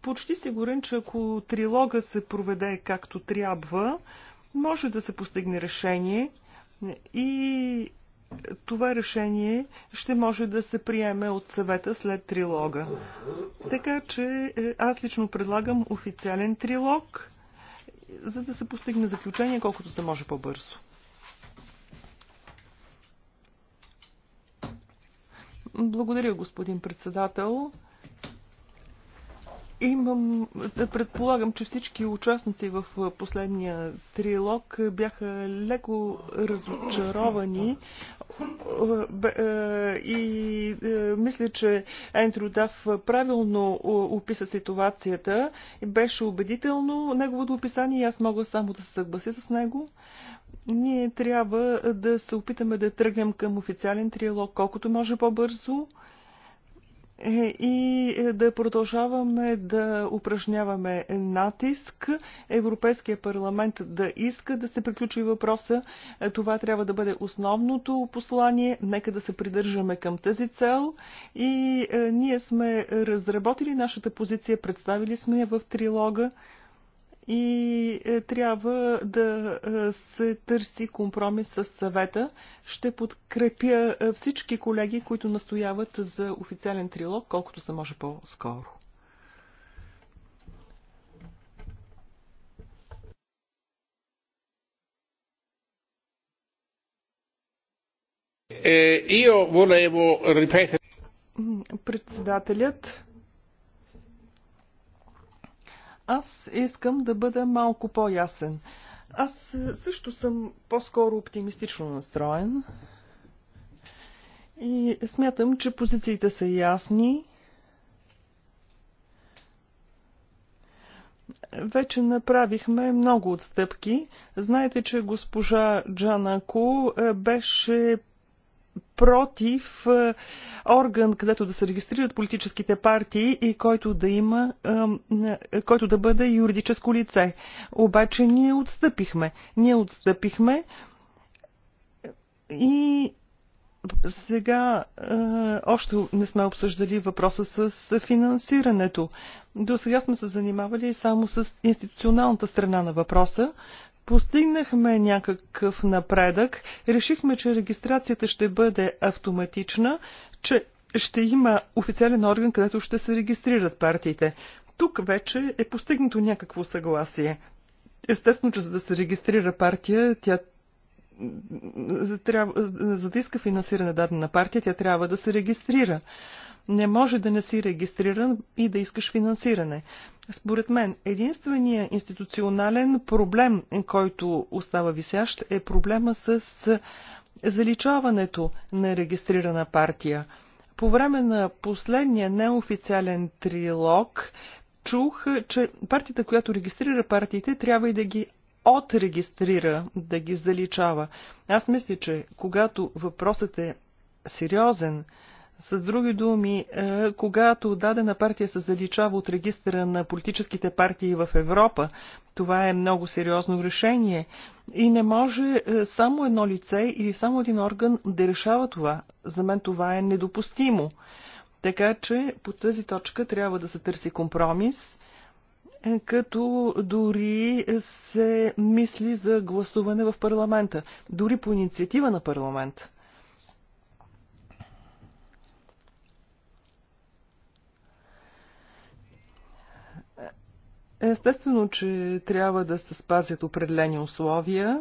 почти сигурен, че ако трилога се проведе както трябва, може да се постигне решение и това решение ще може да се приеме от съвета след трилога. Така че е, аз лично предлагам официален трилог, за да се постигне заключение колкото се може по-бързо. Благодаря, господин председател. Имам, предполагам, че всички участници в последния трилог бяха леко разочаровани и мисля, че Ендрю Дав правилно описа ситуацията. Беше убедително неговото описание и аз мога само да се съглася с него. Ние трябва да се опитаме да тръгнем към официален триалог колкото може по-бързо. Е, и е, да продължаваме да упражняваме натиск. Европейския парламент да иска да се приключи въпроса. Е, това трябва да бъде основното послание. Нека да се придържаме към тази цел. И ние сме разработили нашата позиция, представили сме я в трилога и е, трябва да е, се търси компромис с съвета. Ще подкрепя е, всички колеги, които настояват за официален трилог, колкото се може по-скоро. Председателят аз искам да бъда малко по-ясен. Аз също съм по-скоро оптимистично настроен. И смятам, че позициите са ясни. Вече направихме много отстъпки. Знаете, че госпожа Джанако е, беше против е, орган, където да се регистрират политическите партии и който да има, е, е, който да бъде юридическо лице. Обаче ние отстъпихме. Ние отстъпихме и сега още не сме обсъждали въпроса с финансирането. До сега сме се занимавали само с институционалната страна на въпроса, Постигнахме някакъв напредък. Решихме, че регистрацията ще бъде автоматична, че ще има официален орган, където ще се регистрират партиите. Тук вече е постигнато някакво съгласие. Естествено, че за да се регистрира партия, тя трябва, за да иска финансиране дадена партия, тя трябва да се регистрира не може да не си регистриран и да искаш финансиране. Според мен, единственият институционален проблем, който остава висящ, е проблема с заличаването на регистрирана партия. По време на последния неофициален трилог чух, че партията, която регистрира партиите, трябва и да ги отрегистрира, да ги заличава. Аз мисля, че когато въпросът е сериозен, с други думи, е, когато дадена партия се заличава от регистъра на политическите партии в Европа, това е много сериозно решение и не може е, само едно лице или само един орган да решава това. За мен това е недопустимо. Така че по тази точка трябва да се търси компромис, е, като дори се мисли за гласуване в парламента, дори по инициатива на парламента. Естествено, че трябва да се спазят определени условия,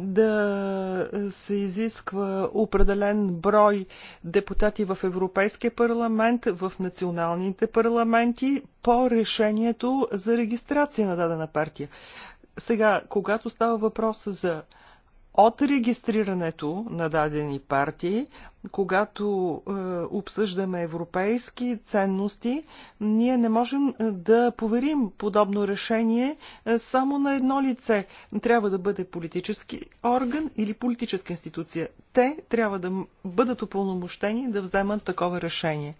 да се изисква определен брой депутати в Европейския парламент, в националните парламенти по решението за регистрация на дадена партия. Сега, когато става въпрос за от регистрирането на дадени партии, когато е, обсъждаме европейски ценности, ние не можем е, да поверим подобно решение е, само на едно лице. Трябва да бъде политически орган или политическа институция. Те трябва да бъдат упълномощени да вземат такова решение.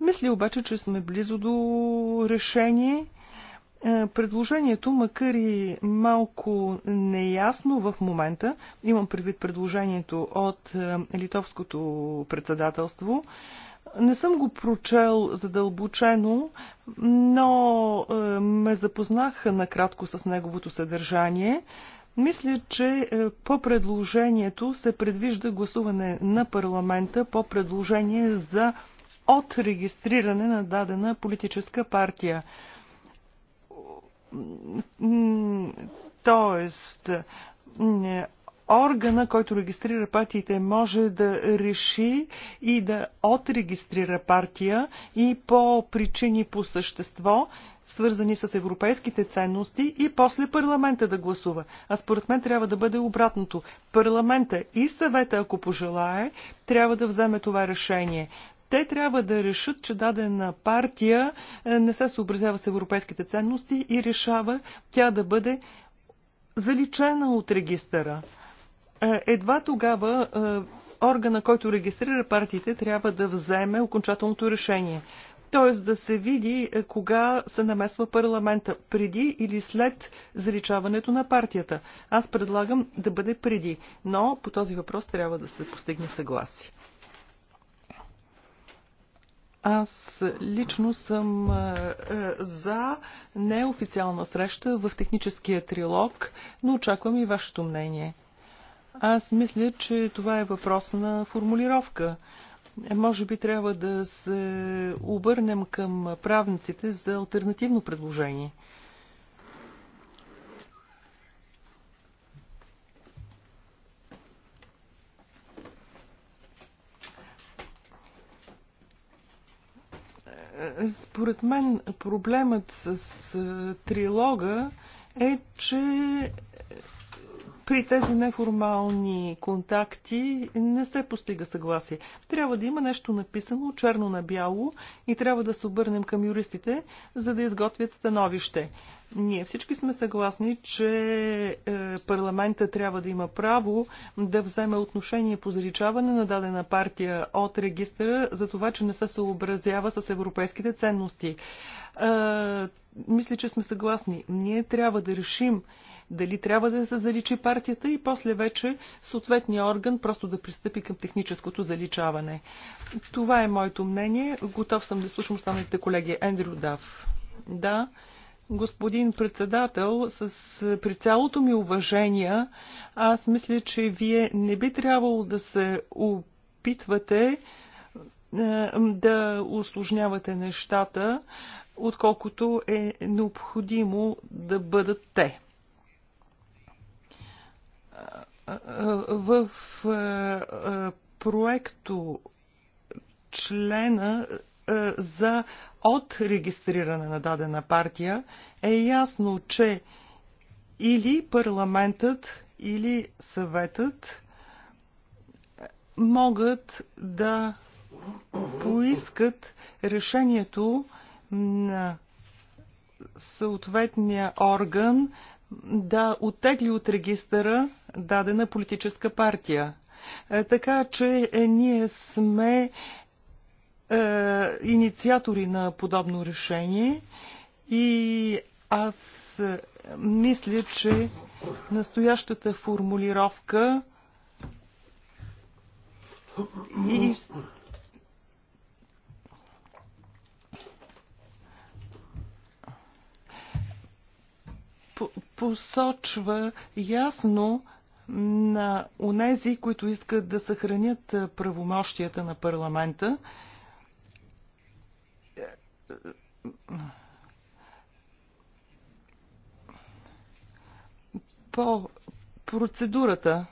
Мисля обаче, че сме близо до решение е, предложението, макар и малко неясно в момента, имам предвид предложението от е, литовското председателство, не съм го прочел задълбочено, но е, ме запознах накратко с неговото съдържание. Мисля, че по предложението се предвижда гласуване на парламента по предложение за отрегистриране на дадена политическа партия. Тоест, органа, който регистрира партиите, може да реши и да отрегистрира партия и по причини по същество, свързани с европейските ценности и после парламента да гласува. А според мен трябва да бъде обратното. Парламента и съвета, ако пожелае, трябва да вземе това решение. Те трябва да решат, че дадена партия е, не се съобразява с европейските ценности и решава тя да бъде заличена от регистъра. Е, едва тогава е, органа, който регистрира партиите, трябва да вземе окончателното решение. Т.е. да се види кога се намесва парламента, преди или след заличаването на партията. Аз предлагам да бъде преди, но по този въпрос трябва да се постигне съгласие. Аз лично съм е, е, за неофициална среща в техническия трилог, но очаквам и вашето мнение. Аз мисля, че това е въпрос на формулировка. Може би трябва да се обърнем към правниците за альтернативно предложение – Според мен проблемът с трилога е, че при тези неформални контакти не се постига съгласие. Трябва да има нещо написано черно на бяло и трябва да се обърнем към юристите, за да изготвят становище. Ние всички сме съгласни, че е, парламента трябва да има право да вземе отношение по заличаване на дадена партия от регистъра за това, че не се съобразява с европейските ценности. Е, мисля, че сме съгласни. Ние трябва да решим дали трябва да се заличи партията и после вече съответния орган просто да пристъпи към техническото заличаване. Това е моето мнение. Готов съм да слушам останалите колеги. Ендрю Дав. Да. Господин председател, с, при цялото ми уважение, аз мисля, че вие не би трябвало да се опитвате е, да осложнявате нещата, отколкото е необходимо да бъдат те в е, е, проекто члена е, за от регистриране на дадена партия е ясно, че или парламентът, или съветът могат да поискат решението на съответния орган да оттегли от регистъра дадена политическа партия. Е, така че е, ние сме е, инициатори на подобно решение и аз е, мисля, че настоящата формулировка и посочва ясно на онези, които искат да съхранят правомощията на парламента. По процедурата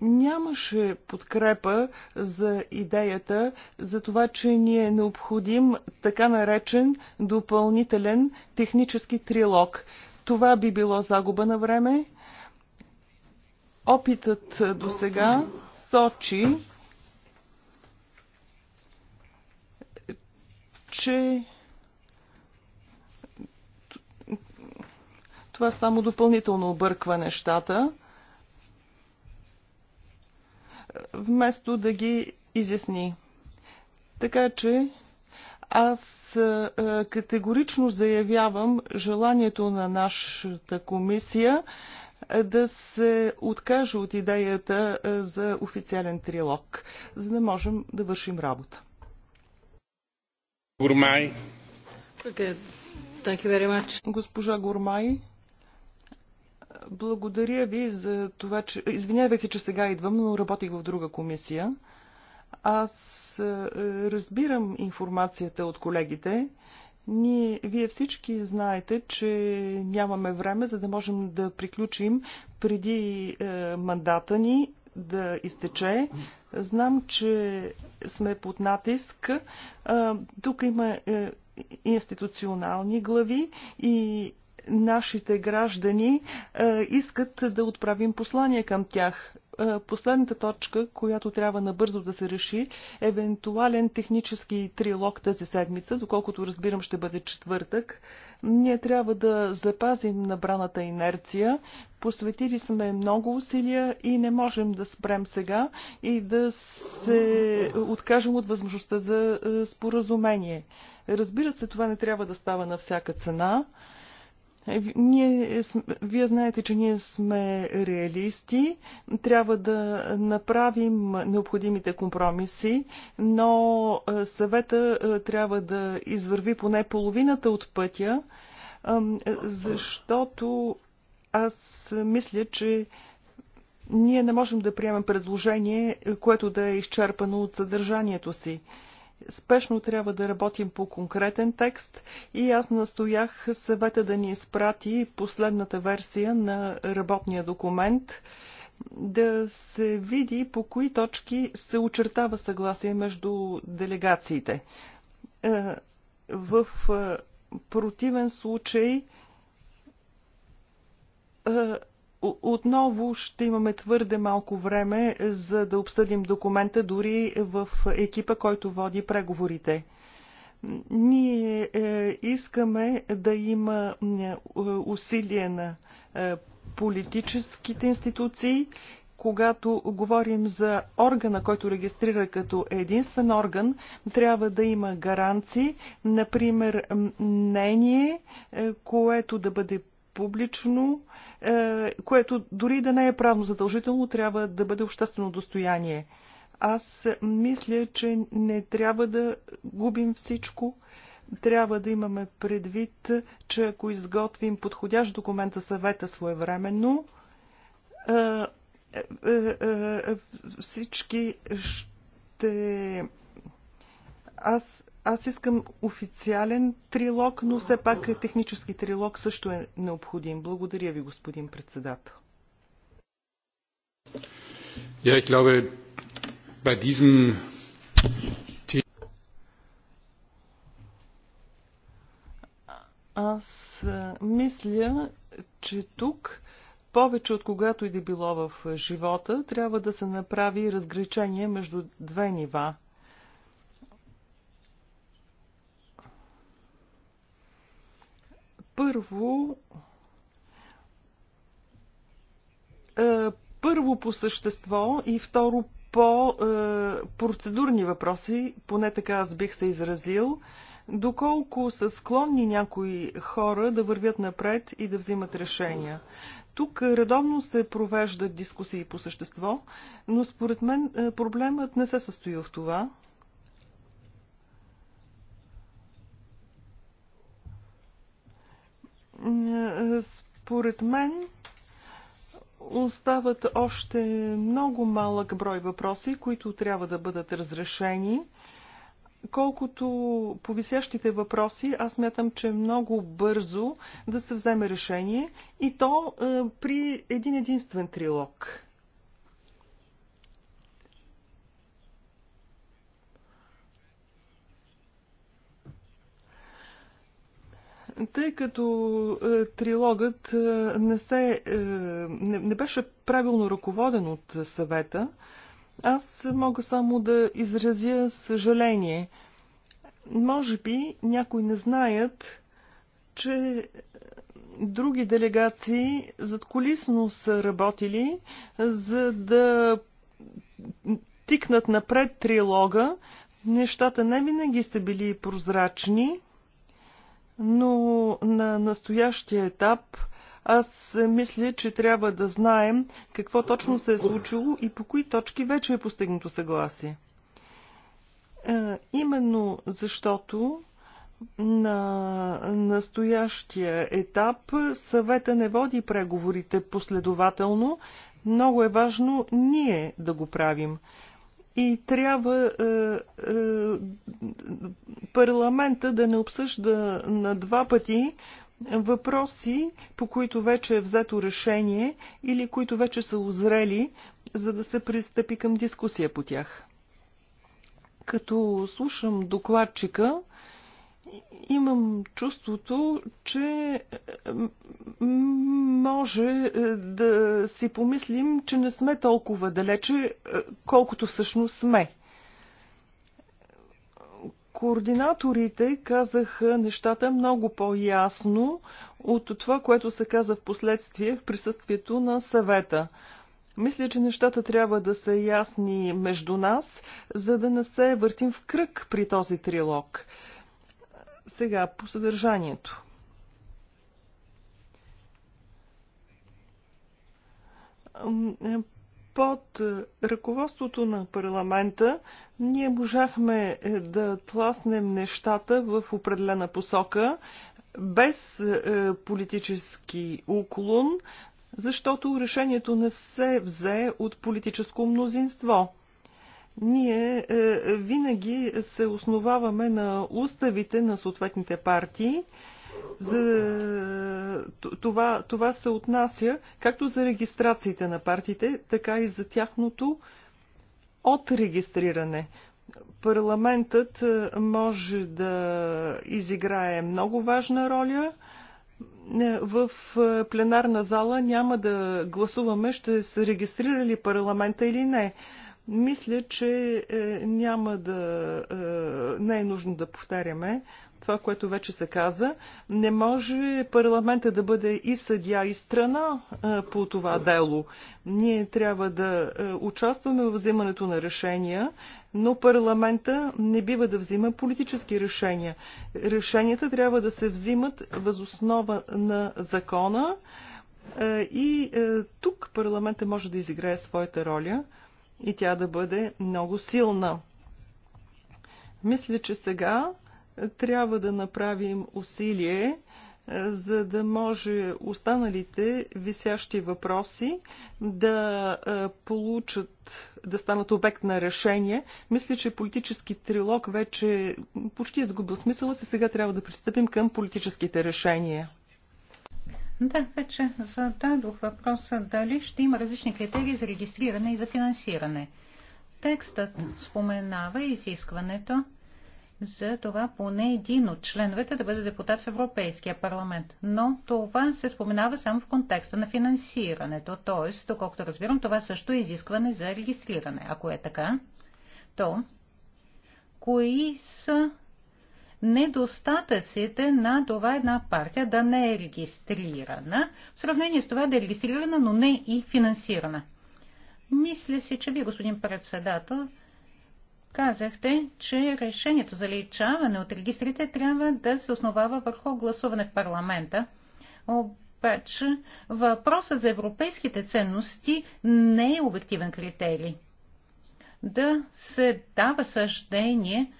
нямаше подкрепа за идеята за това, че ни е необходим така наречен допълнителен технически трилог. Това би било загуба на време. Опитът до сега сочи, че това само допълнително обърква нещата вместо да ги изясни. Така че аз е, е, категорично заявявам желанието на нашата комисия е, да се откаже от идеята за официален трилог, за да можем да вършим работа. Гурмай. Okay. Госпожа Гурмай. Благодаря ви за това, че... Извинявайте, че сега идвам, но работих в друга комисия. Аз е, разбирам информацията от колегите. Ние, вие всички знаете, че нямаме време, за да можем да приключим преди е, мандата ни да изтече. Знам, че сме под натиск. Е, тук има е, институционални глави и нашите граждани е, искат да отправим послание към тях. Е, последната точка, която трябва набързо да се реши, евентуален технически трилог тази седмица, доколкото разбирам ще бъде четвъртък, ние трябва да запазим набраната инерция. Посветили сме много усилия и не можем да спрем сега и да се откажем от възможността за е, споразумение. Разбира се, това не трябва да става на всяка цена. Е, ние, вие знаете, че ние сме реалисти. Трябва да направим необходимите компромиси, но е, съвета е, трябва да извърви поне половината от пътя, защото аз мисля, че ние не можем да приемем предложение, което да е изчерпано от съдържанието си спешно трябва да работим по конкретен текст и аз настоях съвета да ни изпрати последната версия на работния документ, да се види по кои точки се очертава съгласие между делегациите. Е, в е, противен случай е, отново ще имаме твърде малко време, за да обсъдим документа дори в екипа, който води преговорите. Ние е, искаме да има е, усилия на е, политическите институции, когато говорим за органа, който регистрира като единствен орган, трябва да има гаранции, например мнение, което да бъде публично, е, което дори да не е правно задължително, трябва да бъде обществено достояние. Аз мисля, че не трябва да губим всичко. Трябва да имаме предвид, че ако изготвим подходящ документ за съвета своевременно, е, е, всички ще... Аз аз искам официален трилог, но все пак технически трилог също е необходим. Благодаря ви, господин председател. Ja, ich glaube, bei diesem Аз мисля, че тук повече от когато и да било в живота, трябва да се направи разграничение между две нива – Първо, е, първо по същество и второ по е, процедурни въпроси, поне така аз бих се изразил доколко са склонни някои хора да вървят напред и да взимат решения. Тук редовно се провеждат дискусии по същество, но според мен е, проблемът не се състои в това. Според мен остават още много малък брой въпроси, които трябва да бъдат разрешени. Колкото по висящите въпроси, аз мятам, че много бързо да се вземе решение и то е, при един единствен трилог. Тъй като е, трилогът е, не, се, е, не, не беше правилно ръководен от съвета, аз мога само да изразя съжаление. Може би някои не знаят, че други делегации задколисно са работили, за да тикнат напред трилога. Нещата не винаги са били прозрачни но на настоящия етап аз мисля, че трябва да знаем какво точно се е случило и по кои точки вече е постигнато съгласие. Е, именно защото на настоящия етап съвета не води преговорите последователно. Много е важно ние да го правим и трябва е, е, парламента да не обсъжда на два пъти въпроси, по които вече е взето решение или които вече са озрели, за да се пристъпи към дискусия по тях. Като слушам докладчика, е, имам чувството, че е, може е, да си помислим, че не сме толкова далече, е, колкото всъщност сме. Координаторите казаха нещата много по-ясно от това, което се каза в последствие в присъствието на съвета. Мисля, че нещата трябва да са ясни между нас, за да не се въртим в кръг при този трилог. Сега по съдържанието. Под ръководството на парламента ние можахме да тласнем нещата в определена посока, без е, политически уклон, защото решението не се взе от политическо мнозинство. Ние е, винаги се основаваме на уставите на съответните партии. За... Това, това се отнася както за регистрациите на партиите, така и за тяхното отрегистриране. Парламентът е, може да изиграе много важна роля. Е, в пленарна зала няма да гласуваме ще се регистрирали парламента или не. Мисля, че е, няма да. Е, не е нужно да повтаряме това, което вече се каза. Не може парламента да бъде и съдя, и страна е, по това дело. Ние трябва да участваме в взимането на решения, но парламента не бива да взима политически решения. Решенията трябва да се взимат възоснова на закона и тук парламента може да изиграе своята роля и тя да бъде много силна. Мисля, че сега трябва да направим усилие, е, за да може останалите висящи въпроси да е, получат, да станат обект на решение. Мисля, че политически трилог вече почти изгубил е смисъла си. Сега трябва да пристъпим към политическите решения. Да, вече зададох въпроса дали ще има различни критерии за регистриране и за финансиране. Текстът споменава изискването за това поне един от членовете да бъде депутат в Европейския парламент. Но това се споменава само в контекста на финансирането, т.е. доколкото разбирам, това също е изискване за регистриране. Ако е така, то кои са недостатъците на това една партия да не е регистрирана, в сравнение с това да е регистрирана, но не и финансирана. Мисля си, че ви, господин председател, казахте, че решението за личаване от регистрите трябва да се основава върху гласуване в парламента. Обаче въпросът за европейските ценности не е обективен критерий. Да се дава съждение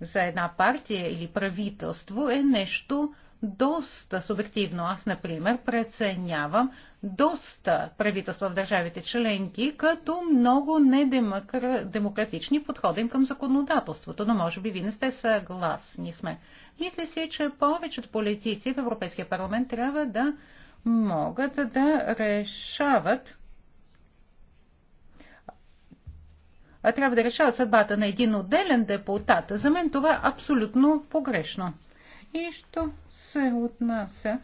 за една партия или правителство е нещо доста субективно. Аз, например, преценявам доста правителства в държавите членки като много недемократични подхода им към законодателството, но може би вие не сте съгласни сме. Мисля си, че повечето политици в Европейския парламент трябва да могат да решават а трябва да решават съдбата на един отделен депутат. За мен това е абсолютно погрешно. И що се отнася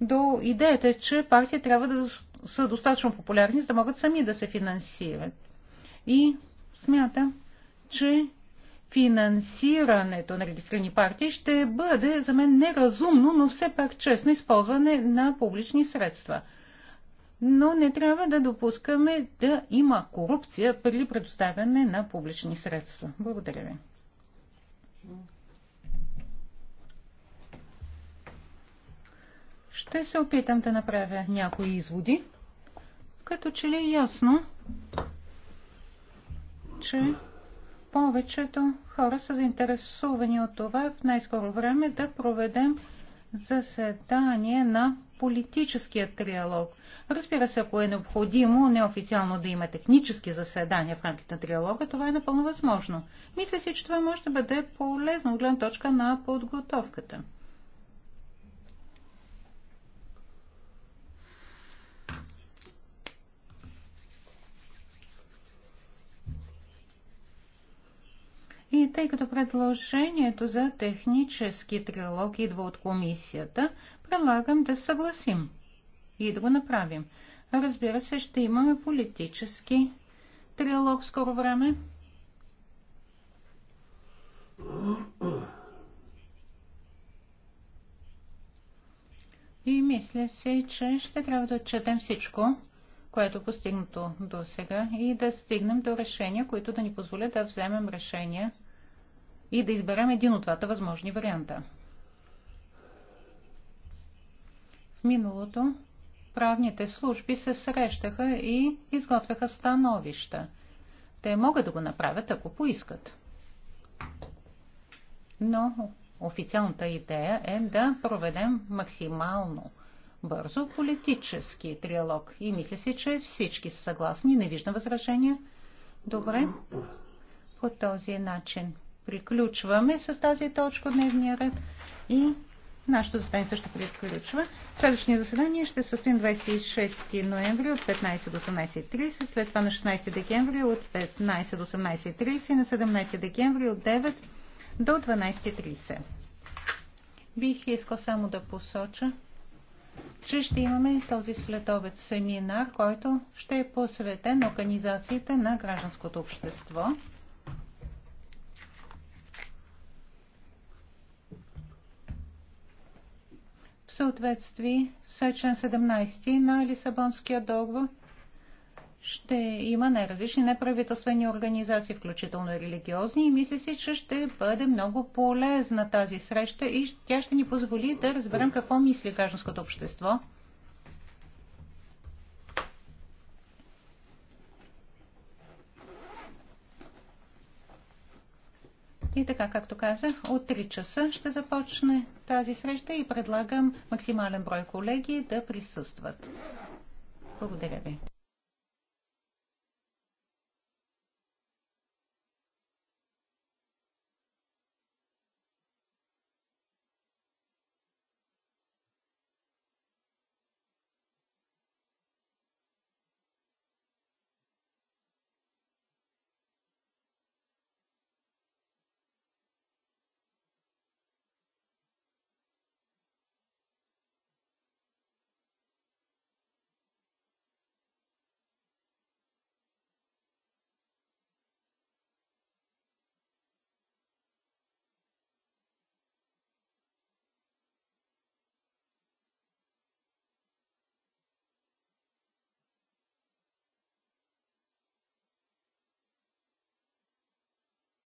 до идеята, че партии трябва да са достатъчно популярни, за да могат сами да се финансират. И смятам, че финансирането на регистрирани партии ще бъде за мен неразумно, но все пак честно използване на публични средства – но не трябва да допускаме да има корупция при предоставяне на публични средства. Благодаря ви. Ще се опитам да направя някои изводи. Като че ли е ясно, че повечето хора са заинтересувани от това в най-скоро време да проведем заседание на политическия триалог. Разбира се, ако е необходимо неофициално да има технически заседания в рамките на триалога, това е напълно възможно. Мисля си, че това може да бъде полезно от гледна точка на подготовката. И тъй като предложението за технически трилог идва от комисията, предлагам да съгласим и да го направим. Разбира се, ще имаме политически трилог скоро време. И мисля си, че ще трябва да отчетем всичко, което е постигнато до сега и да стигнем до решения, които да ни позволят да вземем решения и да изберем един от двата възможни варианта. В миналото правните служби се срещаха и изготвяха становища. Те могат да го направят, ако поискат. Но официалната идея е да проведем максимално бързо политически триалог. И мисля си, че всички са съгласни. Не виждам възражения. Добре. По този начин приключваме с тази точка от дневния ред и нашето заседание също приключва. Следващото заседание ще състоим 26 ноември от 15 до 18.30, след това на 16 декември от 15 до 18.30 и на 17 декември от 9 до 12.30. Бих искал само да посоча, че ще имаме този следовец семинар, който ще е посветен организациите на гражданското общество. съответствие с член 17 на Лисабонския договор ще има най-различни неправителствени организации, включително и религиозни, и мисля си, че ще бъде много полезна тази среща и тя ще ни позволи да разберем какво мисли гражданското общество. И така, както казах, от 3 часа ще започне тази среща и предлагам максимален брой колеги да присъстват. Благодаря ви.